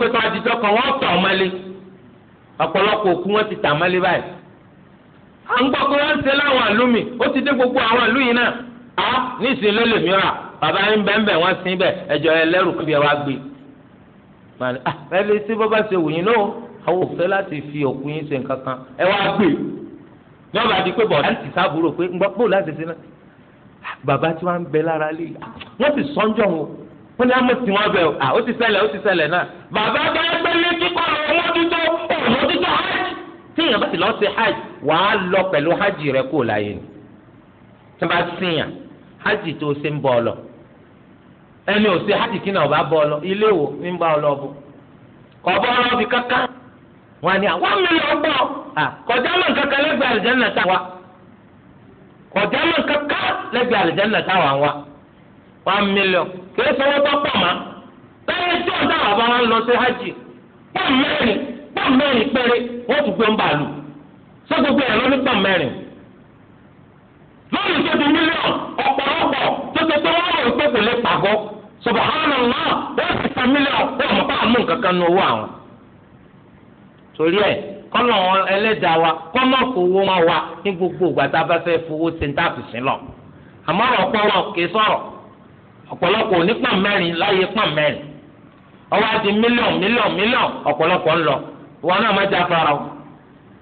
pé kan ọmọlé òkú wọn ti tà ọmọlé báyìí à ń gbọ́ pé wọ́n ń ṣe láwọn àlùmí ó ti á nísìnyí ló lè mìíràn bàbá yín bẹ́ẹ̀nbẹ́ wọ́n sin bẹ́ẹ̀ ẹjọ́ ẹlẹ́rù kúbi ẹ wá gbé màní à ah, ẹ lè sí bọ́bá ṣe wù yín náà àwọn òfẹ́ láti fi òkú yín ṣe nǹkan kan ẹ wá gbé ní ọba àti pé bọ̀ láti sábúrò pé ńgbọ́ pò láti sí náà ah, bàbá tí wọ́n ń bẹ lára lè ah, wọ́n ti sọ́njọ́ wọn wọ́n ní àmọ́ tí wọ́n bẹ̀ ó ti ṣẹlẹ̀ ó ti ṣẹlẹ̀ náà bàbá bá gbélé kíkọ́ ọmọdútó ọmọdútó hajj tíyàn bá ti lọ́ọ́ ṣe hajj wàá lọ pẹ̀lú hajj rẹ kó láyé ni tí wọ́n bá síyàn hajj tó ṣe ń bọ̀ ọ lọ ẹni ò ṣe hajj kí náà ọba ọ lọ ilé wo ń bá ọ lọ ọ lọ bí kankan wọn ni àwọn kọjá mọ̀ kankan lẹ́gbẹ̀ẹ́ àlùjánnà táwa kọjá kankan táwa wa one million kì sanwó tó pọ̀ mọ́ lẹ́yìn tí ọ̀dọ́ àbá wọn lọ sí hajj pọ̀ mẹ́rin pọ̀ péré tún gbé lọ́rùn tó di mílíọ̀n ọ̀pọ̀lọpọ̀ tó ti tó wọ́n rò pé kò lè pàgọ́ subhanallah wọ́n ti ta mílíọ̀n wọ́n mọ̀ bá mú owó àwọn. torí ẹ kọ́nà ẹlẹ́dàá wa wa ní gbogbo ìgbà a bá fẹ́ fowó ń lọ. àmọ́ ọ̀pọ̀lọ kì í sọ̀rọ̀ ọ̀pọ̀lọpọ̀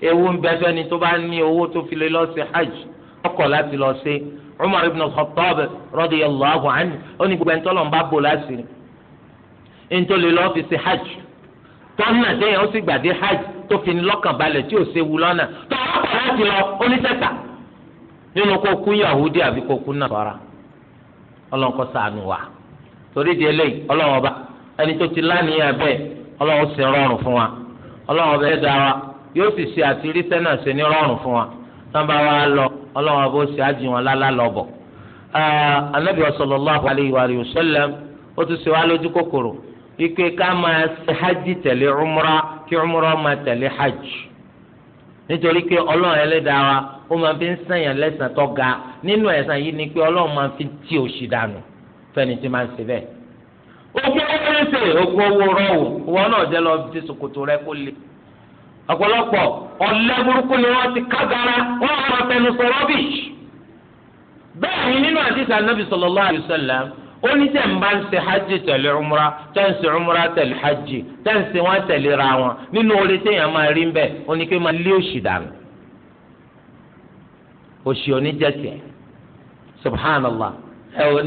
ní ewu ń bẹ owó tó fi kọ̀ láti lọ sí Umar ibn al-Khattab radiyallahu anhu ó ní gbogbo ẹni tọ́lọ̀ ń bá bò láti rí nítorí lọ́ọ́ fi hajj tọ́nà déyàn ó sì gbàdé hajj tó fi ní lọ́kàn balẹ̀ tí ò séwu lọ́nà tọ́wọ́ kọ̀ láti lọ oníṣẹ́ta nínú kó kú Yahudi àbí kó kú Nasara ọlọ́nkọ́ sànù wa torí di eléyìí bá ẹni tó ti lánìyàn bẹ́ẹ̀ sì rọrùn fún wa bẹ́ẹ̀ yóò sì ṣe sẹ́nà ní rọrùn fún ọlọ́run abụọ si sì wọn lálá lọ́bọ̀. anabi sallallahu alayhi wa sallam ó tún ṣe lójú kòkòrò ike ká máa ṣe hajj tẹ̀lé umra kí umra máa tẹ̀lé hajj nítorí pé ọlọ́run ẹlẹ́dàá wa ó máa fi ń sẹ̀yàn lẹ́sàn tó ga nínú yìí ni pé fi tí dànù fẹ́ni tí máa ń ṣe bẹ́ẹ̀. ń ṣe owó rọ̀ ọ̀pọ̀lọpọ̀ ọ̀lẹ́ burúkú ni wọ́n ti kágara wọ́n á máa tẹnu sọ rọ́bìṣì. bẹ́ẹ̀ ni nínú àdìsí anábì sallallahu alaihi wasallam ó ní tẹ̀ ń bá ń ṣe hajj tẹ̀lé umra tẹ̀ ń ṣe umra tẹ̀lé hajj tẹ̀ ń ṣe wọ́n tẹ̀lé ra wọn nínú orí téèyàn máa rí bẹ́ẹ̀ ó ní máa lé òṣì dànù òṣì oníjẹsẹ̀ subhanallah ẹ̀ wọ́n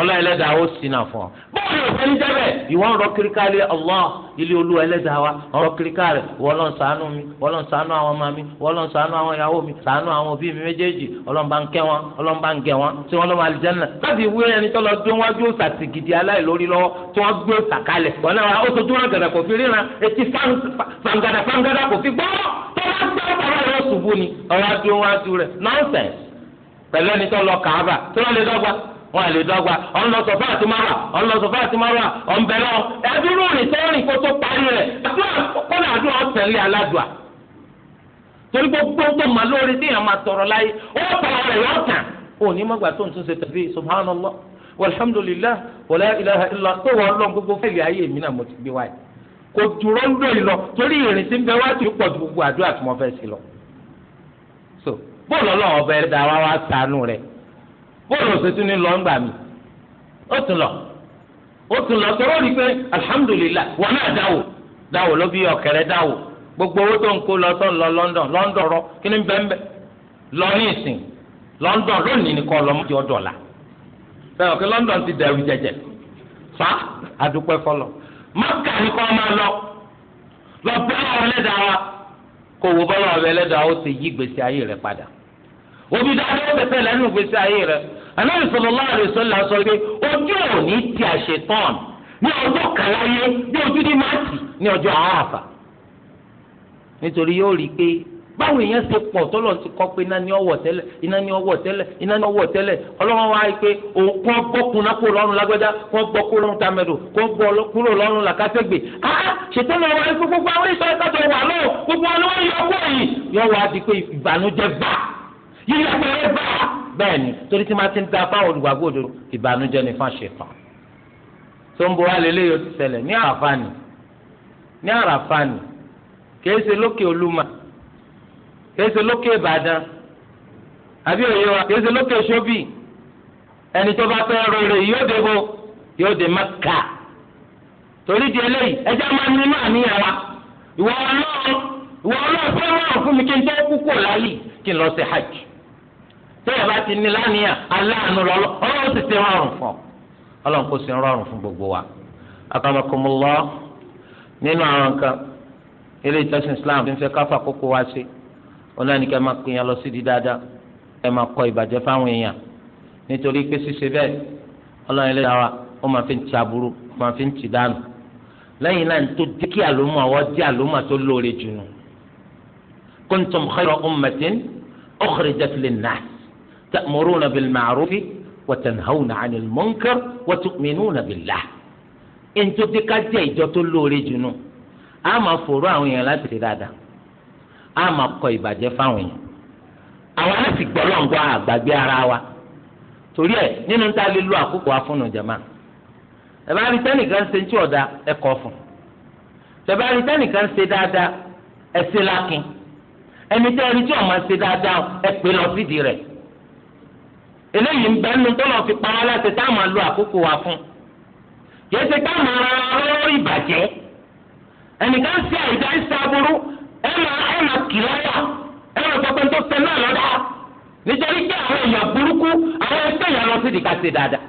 ọlọ́run ẹlẹ́dàá ó sì náà fún ọ. báwo ló ṣe ń jẹ́bẹ̀ ìwọ ń rọ kíríkà lé Allah ilé olú ẹlẹ́dàá wa ń rọ kíríkà rẹ̀ wọ́n lọ́n ṣàánú mi wọ́n lọ́n ṣàánú àwọn ọmọ mi wọ́n lọ́n ṣàánú àwọn ìyàwó mi ṣàánú àwọn òbí mi méjèèjì ọlọ́run bá ń kẹ́ wọn ọlọ́run bá ń gẹ̀ wọn tí wọ́n lọ́ máa jẹ́ nà. láti wí ẹni tó lọ dún wájú òòsà ti gidi aláìlórí lọ́wọ́ tí wọ́n gbé òòsà kalẹ̀ wọn náà ó sojú wọn gàdà kò fi ríran etí fangada fangada kò fi gbọ́ tó wá gbọ́ ọ̀rọ̀ rẹ̀ ṣubú ni ọ̀rọ̀ adúlọ́wájú rẹ̀ nọ́ọ̀sẹ̀ pẹ̀lú ẹni tó lọ kàába tí wọ́n lè dọ́gba wọn àlè dọ́gba ọ̀n lọ sọ̀fà àti mara ọ̀n lọ sọ̀fà àti mara ọ̀n bẹ̀ lọ ẹ̀dúró rìn sẹ́rìn kó tó parí rẹ̀ àdúrà kọ́nà àdúrà ọ̀tẹ̀lẹ̀ aládùá torí gbogbo tó mà lórí tí yàn máa tọrọ láyé ó tọrọ rẹ̀ yọ̀ tàn ó ní mọ́gbà tó ń tún ṣe tẹ̀lé subhanallah walhamdulillah wala ilaha illa tó wọ́n lọ gbogbo fẹ́ẹ̀lì ayé mi náà mo ti gbé wáyé kò dúró ń lò lọ torí ìrìn ń bẹ wá ti pọ̀ ju gbogbo àdúrà tí fẹ́ sí lọ. so bóòlù ọlọ́run ọba ẹ̀dá wa wá ṣàánú rẹ̀ bóòlù òṣètún ni lọ ń gbà mí ó tún lọ ó tún lọ tó rọrí pé alihamudulilayi wọn náà dáwò dáwò ló bí ọkẹrẹ dáwò gbogbo owó tó ń kó lọ tó ń lọ London London rọ kí ni bẹ́ẹ̀ lọ ní ìsìn London lónìí nìkan lọ mọ́jọ́ bẹ́ẹ̀ ọ̀kẹ́ London ti dẹ̀rù fa àdúpẹ́ ni máa lọ lọ bẹ́ẹ̀ wa kò bọ́lá ó ti yí òbí dáadáa ó tẹ̀sẹ̀ lẹ́nu ìgbésí ayé rẹ̀ anábì sallallahu alaihi wasallam sọ pé ojú ò ní ti àṣetán ní ọjọ́ kàláyé ní ojú ní máàtì ní ọjọ́ àáfà nítorí yóò rí i pé báwo èèyàn ṣe pọ̀ tọ́lọ̀ ti kọ́ pé iná ní ọwọ́ tẹ́lẹ̀ iná ní ọwọ́ tẹ́lẹ̀ iná ní ọwọ́ tẹ́lẹ̀ ọlọ́run wá pé òun kọ́ gbọ́kùn náà kúrò lọ́rùn lágbẹ́dá kọ́ gbọ́ kúrò lọ́rùn tamẹ́dò kọ́ gbọ́ kúrò lọ́rùn làkàtẹ́gbè áá ṣètò náà wáyé gbogbo àwọn ìṣòro ìtàjọ wà lọ́wọ́ gbogbo àwọn olówó yọ ọkọ yìí yọ wá di pé ìbànújẹ́ bá yíyá pẹ̀lú bá bẹ́ẹ̀ ni torí tí máa ti ń da fáwọn olùgbàgbọ́ òdodo ìbànújẹ́ ni fún àṣetàn tó ń bo wa lélẹ́ yóò ti ṣẹlẹ̀ ní àràfàní ní àràfàní kìí ṣe lókè olúmọ kìí ṣe lókè ìbàdàn àbí òye wa kìí ṣe lókè ṣóbì ẹni tó bá fẹ́ rere yóò dé bo yóò dé Mẹ́kà torí di eléyìí ẹjẹ máa ní máa níyàn wa ìwọ Ọlọ́run ìwọ Ọlọ́run fẹ́ràn fún mi kí n tó kú kò láyé kí n lọ ṣe hajj tẹ́lẹ̀ bá ti ní lánìyàn aláàánú lọ́lọ́ ọlọ́run ti ti rọrùn fún ọ ọlọ́run kò sí rọrùn fún gbogbo wa. akamakomọlọ nínú àwọn nǹkan ilé ìtọ́sìn islam ti ń fẹ́ káfà kókó wá sí ọ̀nà ni kẹ́ máa pinyan lọ sí di dáadáa kẹ́ máa kọ ìbàjẹ́ fáwọn èèyàn nítorí pé ṣíṣe bẹ́ẹ̀ ọlọ́run ilé ìdáwà ó máa fi ń ti aburú ó máa fi ń ti dànù lẹ́yìn náà tó dé kí àlùmọ̀ àwọn dé àlùmọ̀ ta'muruna bil ma'rufi wa tanhawna 'anil munkar wa tu'minuna billah ntòdì kájẹ ìjọ tó lóore jùnú a máa fòrò àwọn èèyàn láti ṣe dáadáa a máa kọ ìbàjẹ́ fáwọn èèyàn àwọn láti gbọ́ lọ́ngbọ́ àgbàgbé ara wa torí ẹ nínú tá a lè lo àkókò wa fún ìjàmbá ẹ bá rí tẹ́nìkan ṣe ń tí ọ̀dà ẹ kọ́ fún ẹ bá rí tẹ́nìkan ṣe dáadáa ẹ ṣe lákin ẹni tẹ́ ẹni tí ọ̀ máa ṣe dáadáa ẹ pè lọ sídìí rẹ̀ eléyìí ń bẹ́ẹ̀ nu tó lọ́ọ́ fi para láti tá a wa fún ya ti máa rárá lọ́wọ́ ìbàjẹ́ ẹnìkan sí àyíká ìsá ẹ máa ẹ máa kì láyà ẹ máa sọ pé tó tẹ náà lọ́dá nítorí pé àwọn èèyàn burúkú àwọn ẹgbẹ́ lọ sídìí ká ṣe dáadáa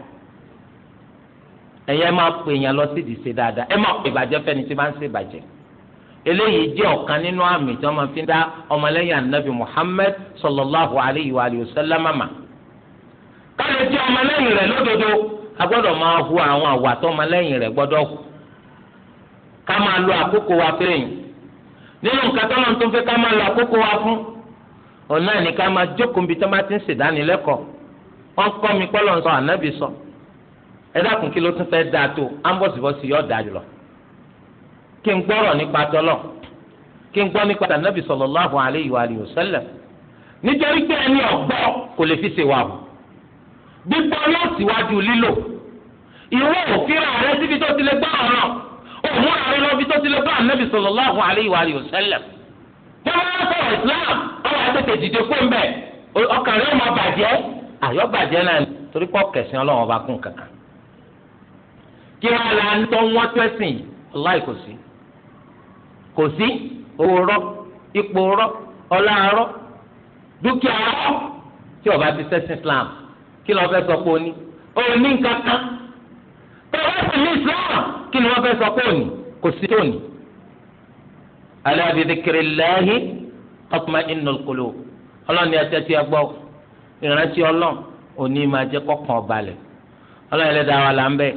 ẹ̀yẹ́ máa pè lọ sídìí ṣe dáadáa ẹ máa pè ìbàjẹ́ fẹ́ni tí máa ń ṣe ìbàjẹ́ eléyìí jẹ́ ọ̀kan nínú àmì tí kálí tí ọmọlẹ́yìn rẹ̀ lódodo a gbọ́dọ̀ máa hu àwọn àwà tó ọmọlẹ́yìn rẹ̀ gbọ́dọ̀ hù ká máa lo àkókò wa fẹ́yìn nínú tó fẹ́ ká máa wa fún òun ní ká máa jókòó níbi ti ń mi sọ ànábì sọ ẹ dákun kí ló tún fẹ́ tó ámbọ̀sibọ́sì yọ̀ jùlọ kí n gbọ́rọ̀ nípa tọ́lọ̀ kí n gbọ́ nípa tànábì sallallahu alayhi wa nítorí pé ẹni ọ̀gbọ́ kò gbígbọ́ yóò síwájú lílò ìwọ òfìrà rẹ síbi tó ti lè gbọ́ ọ̀rọ̀ òmùra rẹ lọ síbi tó ti lè gbọ́ ànábì sallallahu alaihi wa alihi wasallam tọ́lá sọ̀rọ̀ islam ọ̀rọ̀ àtẹ̀tẹ̀ dìde kó ń bẹ̀ ọkàn rẹ ọmọ bàjẹ́ àyọ́ bàjẹ́ náà torí pọ̀ kẹsàn-án ọlọ́run ọba kún kankan kí wọn là ń tọ́ wọn tẹ́sìn ọláì kò sí kò sí owó rọ ipò rọ ọlá rọ dúkìá rọ tí ọba ti sẹ́sìn islam kí ni wọ́n fẹ́ sọ pé ó ní ó ní nǹkan kan tó wọ́n sì ní islam kí ni wọ́n fẹ́ sọ pé ó ní kò sí tó ní. ala bi dhikrillahi tatma'innul qulub ọlọ́run ni ẹ̀tẹ́ ti ẹ gbọ́ ìrántí ọlọ́run òní máa jẹ́ kọ́kàn balẹ̀ ọlọ́run ẹlẹ́dàá wa là ń bẹ̀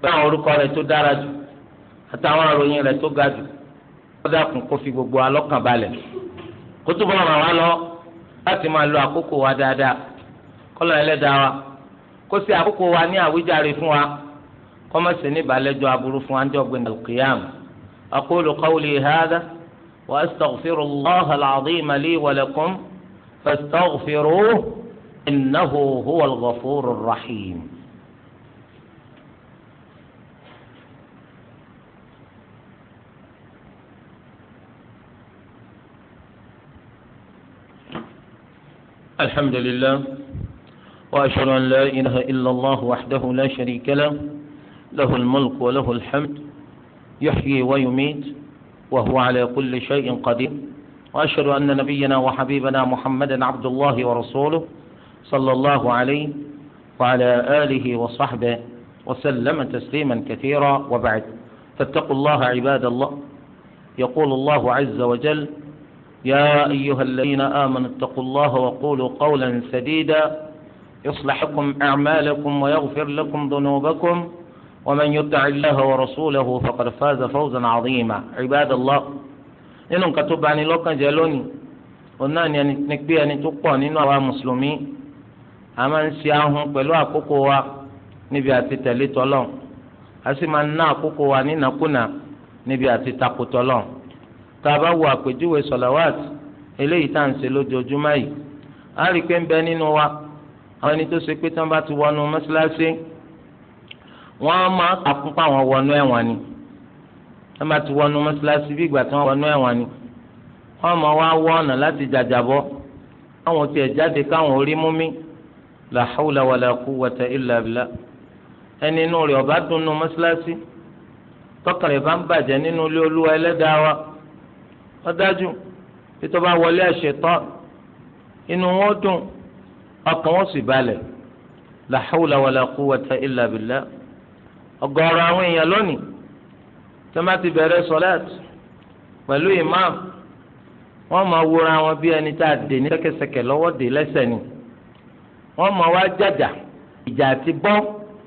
pé àwọn orúkọ rẹ̀ tó dára jù àtàwọn àròyìn rẹ̀ tó ga jù ó dákun kó fi gbogbo alọ́kàn balẹ̀ kó túbọ̀ ràn wá lọ láti máa lo àkókò wa dáadáa. kọ́lọ́ ẹlẹ́dàá wa kó sì àkókò wa ní àwíjàre fún wa kọ́mọ̀sì ní balẹjọ aburú fún wa ń jọ́gbìn alqiyam aqulu kawulì hàdà wa astaghfirullaha al-azim li wa lakum fastaghfiruhu innahu huwa al-ghafuru rahim. الحمد لله وأشهد أن لا إله إلا الله وحده لا شريك له له الملك وله الحمد يحيي ويميت وهو على كل شيء قدير وأشهد أن نبينا وحبيبنا محمدا عبد الله ورسوله صلى الله عليه وعلى آله وصحبه وسلم تسليما كثيرا وبعد فاتقوا الله عباد الله يقول الله عز وجل يا أيها الذين آمنوا اتقوا الله وقولوا قولا سديدا يصلح لكم أعمالكم ويغفر لكم ذنوبكم ومن يطع الله ورسوله فقد فاز فوزا عظيما عباد الله nínú nǹkan tó bani lọ́kàn jẹ́ lónìí òun náà ni ẹni pé ẹni tó pọ̀ nínú àwa mùsùlùmí a máa ń ṣe ahun pẹ̀lú àkókò wa níbi àti tẹ̀lé tọ́lọ̀ a sì máa ń ná àkókò wa nínàkúnà níbi àti takò tọ́lọ̀ tá a bá wo àpèjúwe sọ̀làwàt eléyìí tá à ń ṣe lójoojúmọ́ yìí a rí i pé ń bẹ nínú wa àwọn ẹni tó ṣe pé tí wọ́n bá ti wọnú mọ́ṣáláṣí wọ́n á máa kà fún pa wọn wọnú ẹ̀wọ̀n ni wọ́n bá ti wọnú mọ́ṣáláṣí bí ìgbà tí wọ́n wọnú ẹ̀wọ̀n ni wọ́n máa wá wọ ọ̀nà láti jàjàbọ́ àwọn tiẹ̀ jáde káwọn orí mú mi la hawla wala quwwata illa billah ẹni inú rẹ̀ ọ̀bá dunnú mọ́ṣáláṣí tọkàn rẹ̀ bá ń bàjẹ́ nínú ilé olúwa ẹlẹ́dàá wa ó dájú tó bá wọlé àṣetọ́ inú wọn dùn ọkàn wọn sì balẹ̀ la hawla wala quwwata illa billah ọ̀gọ̀rọ̀ àwọn èèyàn lónìí tó má ti bẹ̀rẹ̀ sọláàtì pẹ̀lú imam wọ́n máa wúra wọn bí ẹni tá a dè ní ṣẹ̀kẹ̀ṣẹ̀kẹ̀ lọ́wọ́ dè lẹ́sẹ̀ ni wọ́n máa wá jàjà ìjà àti bọ́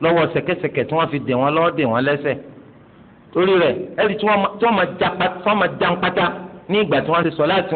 lọ́wọ́ ṣẹ̀kẹ̀ṣẹ̀kẹ̀ tí wọ́n fi dè wọ́n lọ́wọ́ dè wọ́n lẹ́sẹ̀ torí rẹ̀ ẹni tí wọ́n máa jà pátá ní ìgbà tí wọ́n ti sọ láti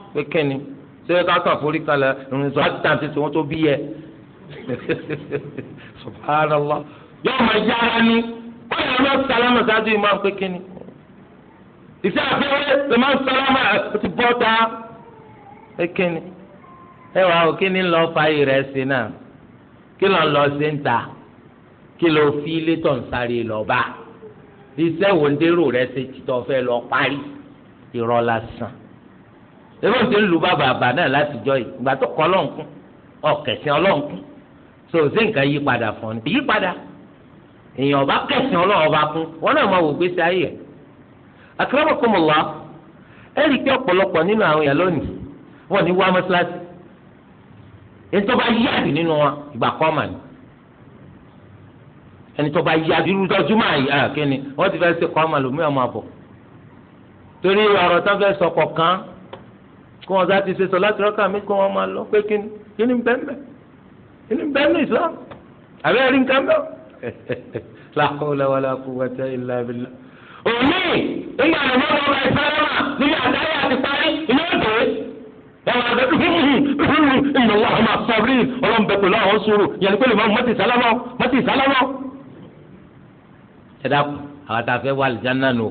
pé kẹ́ni ṣé ká kàn forí kalẹ̀ ìrìnsọ àtàntì tí wọ́n tó bí yẹ subhanallah yóò máa yára ni wọ́n yà lọ sálámà sáájú ìmáà pé kẹ́ni ìṣe àfihàn lè máa sálámà ti bọ́ ta pé kẹ́ni ẹ wàá o kí ni lọ fa ìrẹ́ sí náà kí lọ lọ sí ń ta kí lọ fi létọ̀ ń sáré lọ bá iṣẹ́ wo ń dérò rẹ ṣe títọ́ fẹ́ lọ parí irọ́ èrò ti ń lu bàbà àbà náà látijọ́ yìí ìgbà tó kọ́ lọ́nkún ọ̀kẹ̀sìn ọlọ́nkún so ṣé nǹkan yí padà fún ni yí padà èèyàn ọba kẹsìn ọlọ́run ọba kún wọn náà máa wò gbèsè ayé ẹ̀ akramakumullah ẹ rí i pé ọ̀pọ̀lọpọ̀ nínú àwọn èèyàn lónìí wọn ní wá mọ́ṣáláṣí ẹni tó bá yáàdì nínú wọn ìgbà kan mà ní ẹni tó bá yáàdì irú dọ́júmọ́ àyà kó wọn sá ti ṣe sọ láti rọ́kà mi kó wọn máa lọ pé kíni kíni bẹ́ẹ̀ kíni bẹ́ẹ̀ ní Islam àbẹ́ rí nǹkan bẹ́ẹ̀ láhùlẹ̀ wà láàkú wàtẹ́ ilà abilà. òní ìgbà àná ló ń bá ìsálámà níbi àdáyé àti parí iná ìdè ẹwà àgbẹ̀tù ìnáwó àwọn máa sọ rí ọlọ́mbẹ pẹ̀lú àwọn sùúrù yẹn pẹ̀lú ìmọ̀ mọ́tì sálámà mọ́tì sálámà. ẹ dákun àwọn àtàfẹ́ wà lìjánná nù.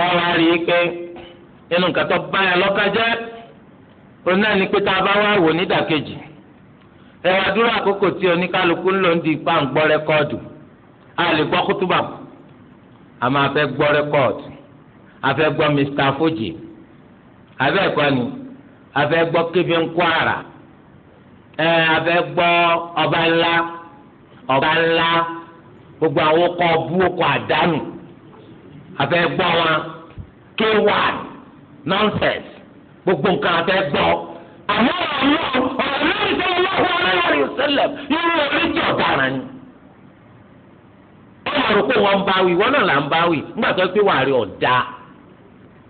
ẹ wá rí i pé nínú nǹkan tó bá yẹn lọ́kàn jẹ́ òun náà ni pé tá a bá wá wò nídàkejì ẹ wá dúró àkókò tí oníkálukú ń lò ń di ipá ń gbọ́ rẹ́kọ́ọ̀dù a lè gbọ́ kútúbà a máa fẹ́ gbọ́ rẹ́kọ́ọ̀dù a fẹ́ gbọ́ Mr. Fuji abẹ́ ẹ̀kọ́ ni a fẹ́ gbọ́ Kevin Kwara ẹ a fẹ́ gbọ́ ọba ńlá ọba ńlá gbogbo àwọn ọkọ̀ bú àdánù a fẹ́ gbọ́ wọn k nonsense gbogbo nǹkan abẹ́ gbọ́ àmọ́ ọ̀rọ̀ ọ̀rọ̀ lórí sọ́wọ́ ọ̀rọ̀ lórí sẹ́lẹ̀ irú oríjì ọ̀daràn ni. wọ́n rò pé wọ́n ń báwí wọ́n náà là ń báwí nígbà tó pé wàá rí ọ̀dà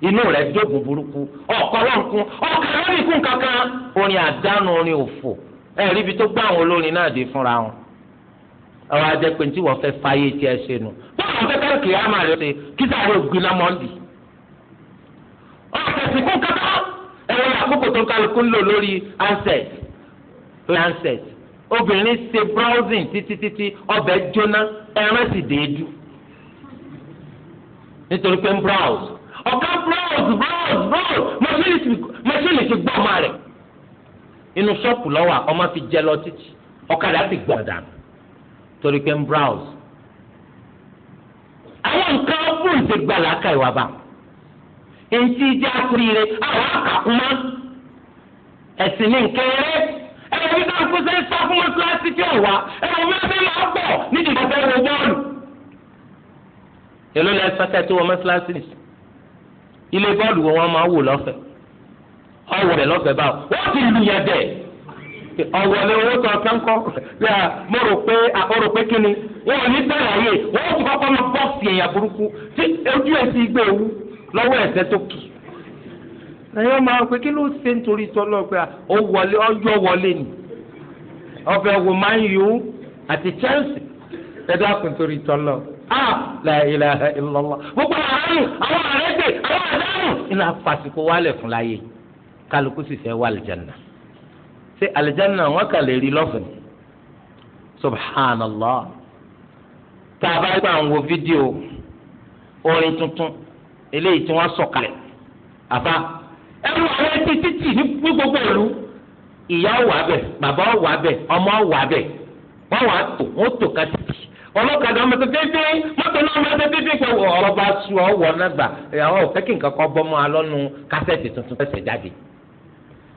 inú rẹ̀ dógùn burúkú ọ̀kọ́ lọ́nkún ọ̀kà lórí ikú kankan orin àdánù orin òfò ẹ̀rí ibi tó gbá àwọn olórin náà dé fúnra wọn. ọ̀rọ̀ ajẹ́pẹ̀ tí wọ́n fẹ́ fáyé tiẹ̀ ṣe nù. báwọn fẹ́ kẹ́rẹ́ kìí ọ̀sẹ̀sì kún kankan ẹ̀rọ àkókò tó kálukú ń lò lórí handset handset obìnrin ṣe browsing títí títí ọbẹ̀ jóná ẹran sì déédú nítorí pé ń browse ọ̀gá browse browse browse mọ́ṣíìnì ti gbọ́ ọmọ rẹ̀ inú ṣọ́ọ̀pù lọ́wọ́ ọmọ fi jẹ lọ títí ọ̀kadà ti gbọ̀ dànù torí pé ń browse àwọn nǹkan ọ̀pọ̀ ìṣègbàlá kà ìwà báwọn ntí jẹ́ àkúrire àwọn àkàkùnmọ́ ẹ̀sìn ní nkéré ẹ̀rọ bí káàkùn ṣe ń sá fún mọ́ṣáláṣí tí ò wá ẹ̀rọ bí wọ́n fi máa bọ̀ nídìí ìgbàgbọ́ wo bọ́ọ̀lù. èló lẹ sọ́kẹ́ tó wọ mọ́ṣáláṣí nì ilé bọ́ọ̀lù wo wọ́n máa wò lọ́fẹ̀ẹ́ ọwọ́ rẹ̀ lọ́fẹ̀ẹ́ báwo wọ́n ti lu yẹn bẹ́ẹ̀ ọwọ́ ni owó tó ọ̀sán kọ́ bí a mo rò pé mo rò pé kíni wọn ò ní sẹ́yìn àyè wọ́n ti kọ́kọ́ lọ bọ́ọ̀sì èèyàn burúkú tí ojú ẹ̀ ti gbé ewu lọ́wọ́ ẹ̀ṣẹ̀ tó kì ẹ̀yọ́ máa pé kí ló ṣe nítorí tọ́lọ́ pé ó wọlé ọjọ́ wọlé ni ọ̀fẹ́ wò máa ń yù ú àti Chelsea ẹ̀dá kùn torí tọ́lọ́ ah la ilaha illallah gbogbo àárín àwọn àrẹ́gbẹ̀ àwọn àdánù iná fàṣìkò wálẹ̀ fún láyé kálukú sì fẹ́ wà àlìjáná ṣé àlìjáná wọn kà lè rí lọ́fẹ̀ẹ́ subhanallah tá a bá gbà ń wo fídíò orin tuntun eléyìí tí wọ́n sọ̀kalẹ̀ àbá ẹrú ọ̀rẹ́ ti títì ní gbogbo ìlú ìyá wà bẹ̀ bàbá wà bẹ̀ ọmọ wà bẹ̀ wọ́n wà tó wọ́n tó ká títì ọlọ́kadà ọmọ tó fífi mọ́tò náà ọmọ tó fífi pé ọ̀rọ̀ bá su ọwọ́ náà gbà àwọn ò nǹkan kan bọ́ mọ́ alọ́nu kásẹ̀tì tuntun ẹsẹ̀ jáde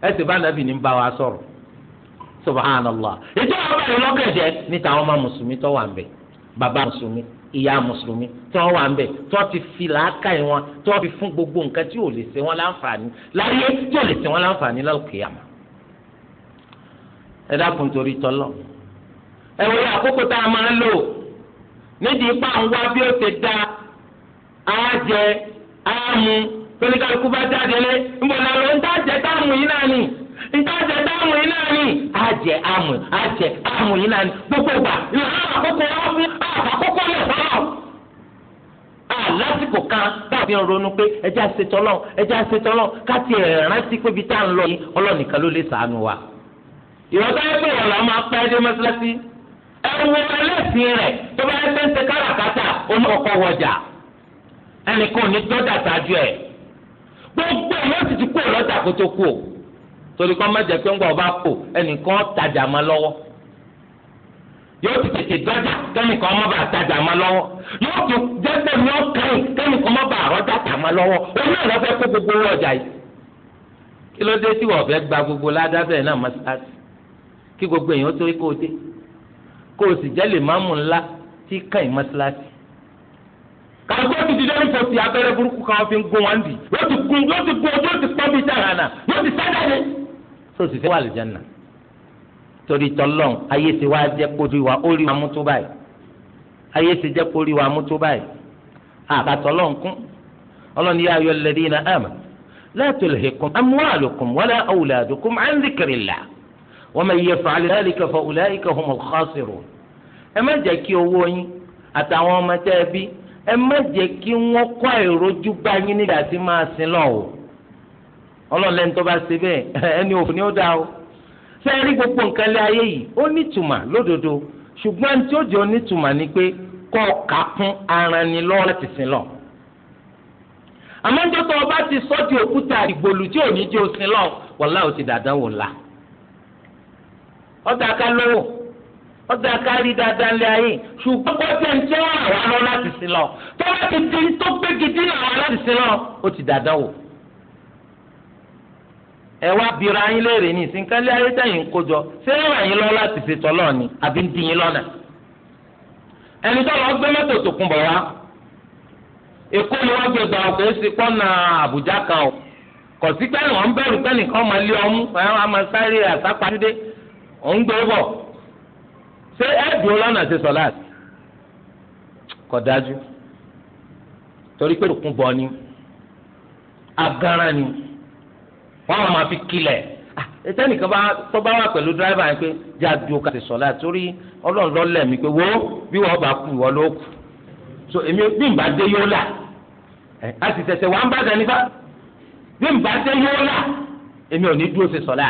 ẹsẹ̀ bá nàbì ní bá wa sọ̀rọ̀ subhanallah ìjọba ọba ìlọ́kẹ̀jẹ̀ níta ọmọ mùsùlùmí tó wà ń bàbá mùsùlùmí ìyá mùsùlùmí tí wọn wà ń bẹ tí wọn ti fi làákà yìí wọn tí wọn fi fún gbogbo nǹkan tí o lè ṣe wọn láǹfààní láyé tí ò lè ṣe wọn láǹfààní lálùkìyàmà. ẹ dákun torí tọlọ ẹ wọlé àkókò tá a máa ń lò nídìí ipá ń wá bí ó ṣe dá á jẹ bá jáde lé ń bọ̀ ń dá jẹ nítaṣẹ táàmù yìí náà ni àjẹ àmù àjẹ àmù yìí náà ni gbogbo ìgbà ìlànà àkókò wọn fún àkókò lè sọ̀rọ̀. àlásìkò kan báàbí ń ronú pé ẹjẹ àṣetọ́lọ́ ẹjẹ àṣetọ́lọ́ káti ẹ̀rántí pé ibi tá à ń lọ yìí ọlọ́nìkan ló lè sàánú wa. ìrọ̀tá yẹn pé ìrọ̀lá máa pẹ́ dé mọ́sálásí ẹ̀wù ẹlẹ́sìn rẹ̀ tó bá yẹ pé káràkátà ó wọjà ẹnì kan ò ní ẹ̀ gbogbo ẹ̀ yóò sì ti kú ọ̀lọ́jà kó tó kú o. torí kọ́ má jẹ́ pé ńgbà ọba kò ẹnìkan tajà má lọ́wọ́ yóò ti tètè dọ́jà kẹ́nìkan má bàa tajà má lọ́wọ́ yóò tún jẹ́gbẹ́ mi ó kẹ́yìn kẹ́nìkan má bàa rọ́jà tà má lọ́wọ́ olú ẹ̀rọ fẹ́ kó gbogbo owó ọjà yìí kí ló dé tí wọ́n fẹ́ gba gbogbo ládàbẹ̀ náà má sáà kí gbogbo èèyàn tó kó o dé kó o sì jẹ́ lè má mú ńlá tí kẹ́yìn kàlùkò ti di lórí kò abẹ́rẹ́ burúkú kan fi ń gún wọn dì yóò ti gún yóò ti gún ojú ó ti pọ́n bíi tààrà náà yóò ti sá jáde tó sì fẹ́ wà lìjánà torí tọ́lọ́n ayé ti wá jẹ́ kórí wa ó rí wa mú tó báyìí ayé ti jẹ́ kórí wa mú tó báyìí àbàtọ́lọ́n kún ọlọ́ni yá ayọ̀ alladhina amanu la tulhikum amwalukum wala awladukum an dhikrillah wa man yaf'al dhalika fa ulaika humul khasirun ẹ má jẹ́ kí owó yín àtàwọn ọmọ tẹ́ ẹ bí ẹ má jẹ́ kí wọ́n kọ́ àìrójú bá yín nígbà tí máa sin lọ́wọ́ ọlọ́lẹ́ni tó bá ṣe bẹ́ẹ̀ ẹni òfin ni ó dá o sẹ́ẹ̀rí gbogbo nǹkan lé ayé yìí ó nítumà lódodo ṣùgbọ́n tí ó jẹ́ onítùmà ni pé kọ́ ọ̀ka kún ara ni lọ́wọ́ láti sin lọ. àmọ́ ń jọ́tọ̀ ọba ti sọ́ di òkúta ìgbòlù tí ò ní jẹ́ òsìn lọ wàlá ò ti dàdán wò la. ọ̀dà ká lówó ọ̀dà ká rí dáadáa lé ayé ṣùgbọ́n kọ́ tẹ̀ ń tẹ́ wà wá lọ láti sin lọ tọ́lá ẹ wá bira yín léèrè ní ìsìnkálẹ̀ ayé tẹ̀yìn ṣé ń yín lọ láti ṣètò lọ ni àbí ń dín yín ẹni tó lọ gbé mọ́tò tó kún bọ̀ wá èkó ni wọ́n gbé gbà ọkọ èsì pọ́nà àbújá kan o kò sí pé wọ́n ń pé nìkan máa lé ọmú àwọn amasáré àsápàdé gbé e ṣé ni agara ni. wọn máa fi kílẹ̀ ẹtẹnìkan ah, bá tọ́ba wà pẹ̀lú dírẹ́fà yẹn pé já dúró ká sọ̀lá torí ọlọ́run lọ́lẹ̀ mi pé wo bí wọ́n bá kú ìwọ ló kù so èmi bí n bá dé yóò là á sì tẹ̀sẹ̀ wà ń bá dání bá bí n bá dé yóò èmi ò ní dúró ṣe sọ̀lá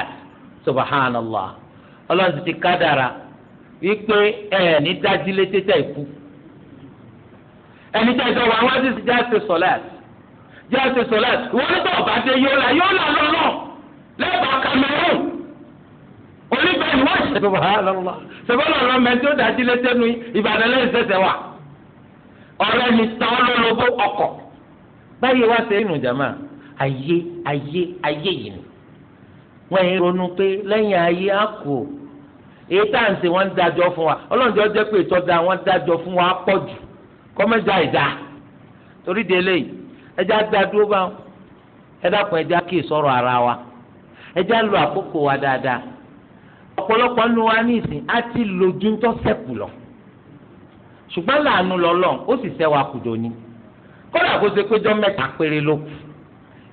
ọlọ́run ti ti kádàrà wípé ẹ̀ ní dájílé tẹ́tẹ́ ìkú ẹni tẹ́tẹ́ wà ti já ṣe sọ̀lá jẹ́ ẹsẹ̀ sọ̀lá ìwọ́n ní bọ́ọ̀ bá dé yóò là yóò là lọ́nà lẹ́bàá Cameroon oníbẹ̀ ni wọ́n ṣe subhanallah sọ̀bọ́lọ̀ lọ mẹ́tí ó dájú létẹ́nu Ìbàdàn lẹ́yìn sẹ̀sẹ̀ wà ọ̀rẹ́ mi ta ọ́ lọ́lọ́gbó ọkọ̀ báyìí wá sí inú jàmá ayé ayé ayé yìí ni wọ́n yẹn ronú pé lẹ́yìn ayé á kú o èyí tá à ń ṣe wọ́n ń dájọ́ fún wa ọlọ́njọ́ jẹ́ pé ìtọ́jà wọ́n dájọ́ fún wa pọ̀ jù kọ́mẹ́jà ìdá torí délé yìí ẹjẹ adadúró bá wọn ẹ dákun ẹjẹ kí sọ̀rọ̀ ara wa ẹjẹ lu àkókò wa dáadáa ọ̀pọ̀lọpọ̀ nu wa ní ìsìn á ti lójú tó sẹ́kù lọ ṣùgbọ́n làánú lọ́lọ́ ó sì sẹ́ wa kùdò ni kódà kó ṣe péjọ mẹ́ta péré ló kù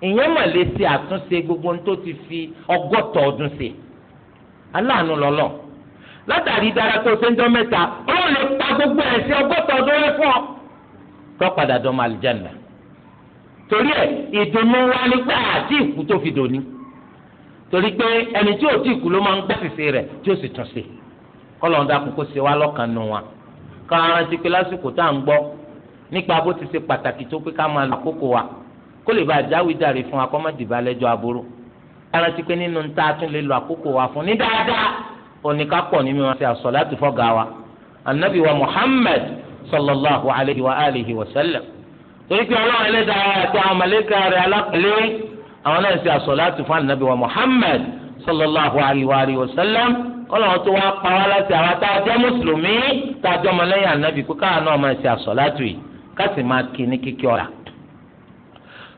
ìyẹn mà lè ṣe àtúnṣe gbogbo ohun tó ti fi ọgọ́tọ̀ ọdún ṣe aláàánú lọ́lọ́ látàrí dára tó ṣe ń jọ mẹ́ta ó lè pa gbogbo ẹ̀ṣẹ̀ ọgọ́tọ̀ ọdún rẹ fún ọ tó padà dọ́mọ àlùjánnà torí ẹ ìdùnnú wa nígbà àti ìkú tó fi dòní torí pé ẹni tí ò tí ìkú ló máa ń gbà sèse rẹ tí ó sì tún sí kọlọ́n dàkú kó ṣe wá lọ́kàn nù wọn ká rántí pé lásìkò tá à ń gbọ́ nípa bó ti ṣe pàtàkì tó pé ká máa lọ àkókò wa kó lè bá jáwéjàre fún wa kó má dìbò alẹ́jọ́ aburú ká rántí pé nínú ń tá a tún lè lọ àkókò wa fún ní dáadáa òní ká pọ̀ nínú wọn ṣe àsọ̀lá tó fọ́ gàwa anabi wa Muhammad sallallahu alayhi wa alihi wa sallam torí pé ọlọ́run ẹlẹ́dàá àti àwọn màlẹ́kà rẹ̀ alápẹ̀lẹ́ àwọn náà ṣe àsọ̀láàtù fún ànábì wa Muhammad sallallahu alayhi wa sallam ọlọ́run tó wá pa wá láti àwọn tá a jẹ́ mùsùlùmí tá a jọmọ lẹ́yìn ànábì pé káwọn náà máa ṣe àsọ̀láàtù yìí ká sì máa kí ní kíkí ọ̀rà.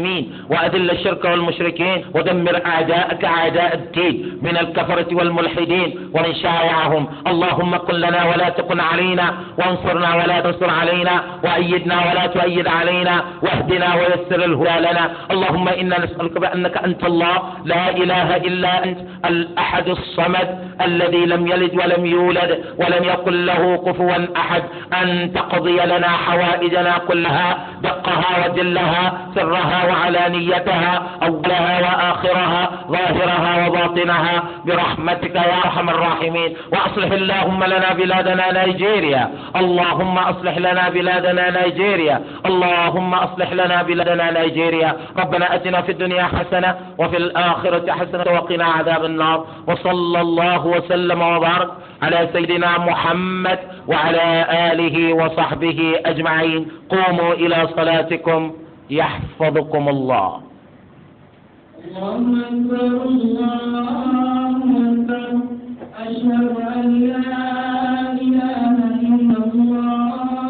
المسلمين وأذل الشرك والمشركين ودمر أعداءك أعداء الدين من الكفرة والملحدين ومن شايعهم اللهم كن لنا ولا تكن علينا وانصرنا ولا تنصر علينا وأيدنا ولا تؤيد علينا واهدنا ويسر الهدى لنا اللهم إنا نسألك بأنك أنت الله لا إله إلا أنت الأحد الصمد الذي لم يلد ولم يولد ولم يقل له كفوا أحد أن تقضي لنا حوائجنا كلها دقها وجلها سرها وعلانيتها أولها وآخرها ظاهرها وباطنها برحمتك يا أرحم الراحمين وأصلح اللهم لنا بلادنا نيجيريا اللهم أصلح لنا بلادنا نيجيريا اللهم أصلح لنا بلادنا نيجيريا ربنا أتنا في الدنيا حسنة وفي الآخرة حسنة وقنا عذاب النار وصلى الله وسلم وبارك على سيدنا محمد وعلى آله وصحبه أجمعين قوموا إلى صلاتكم يحفظكم الله أشهد أن لا إله إلا الله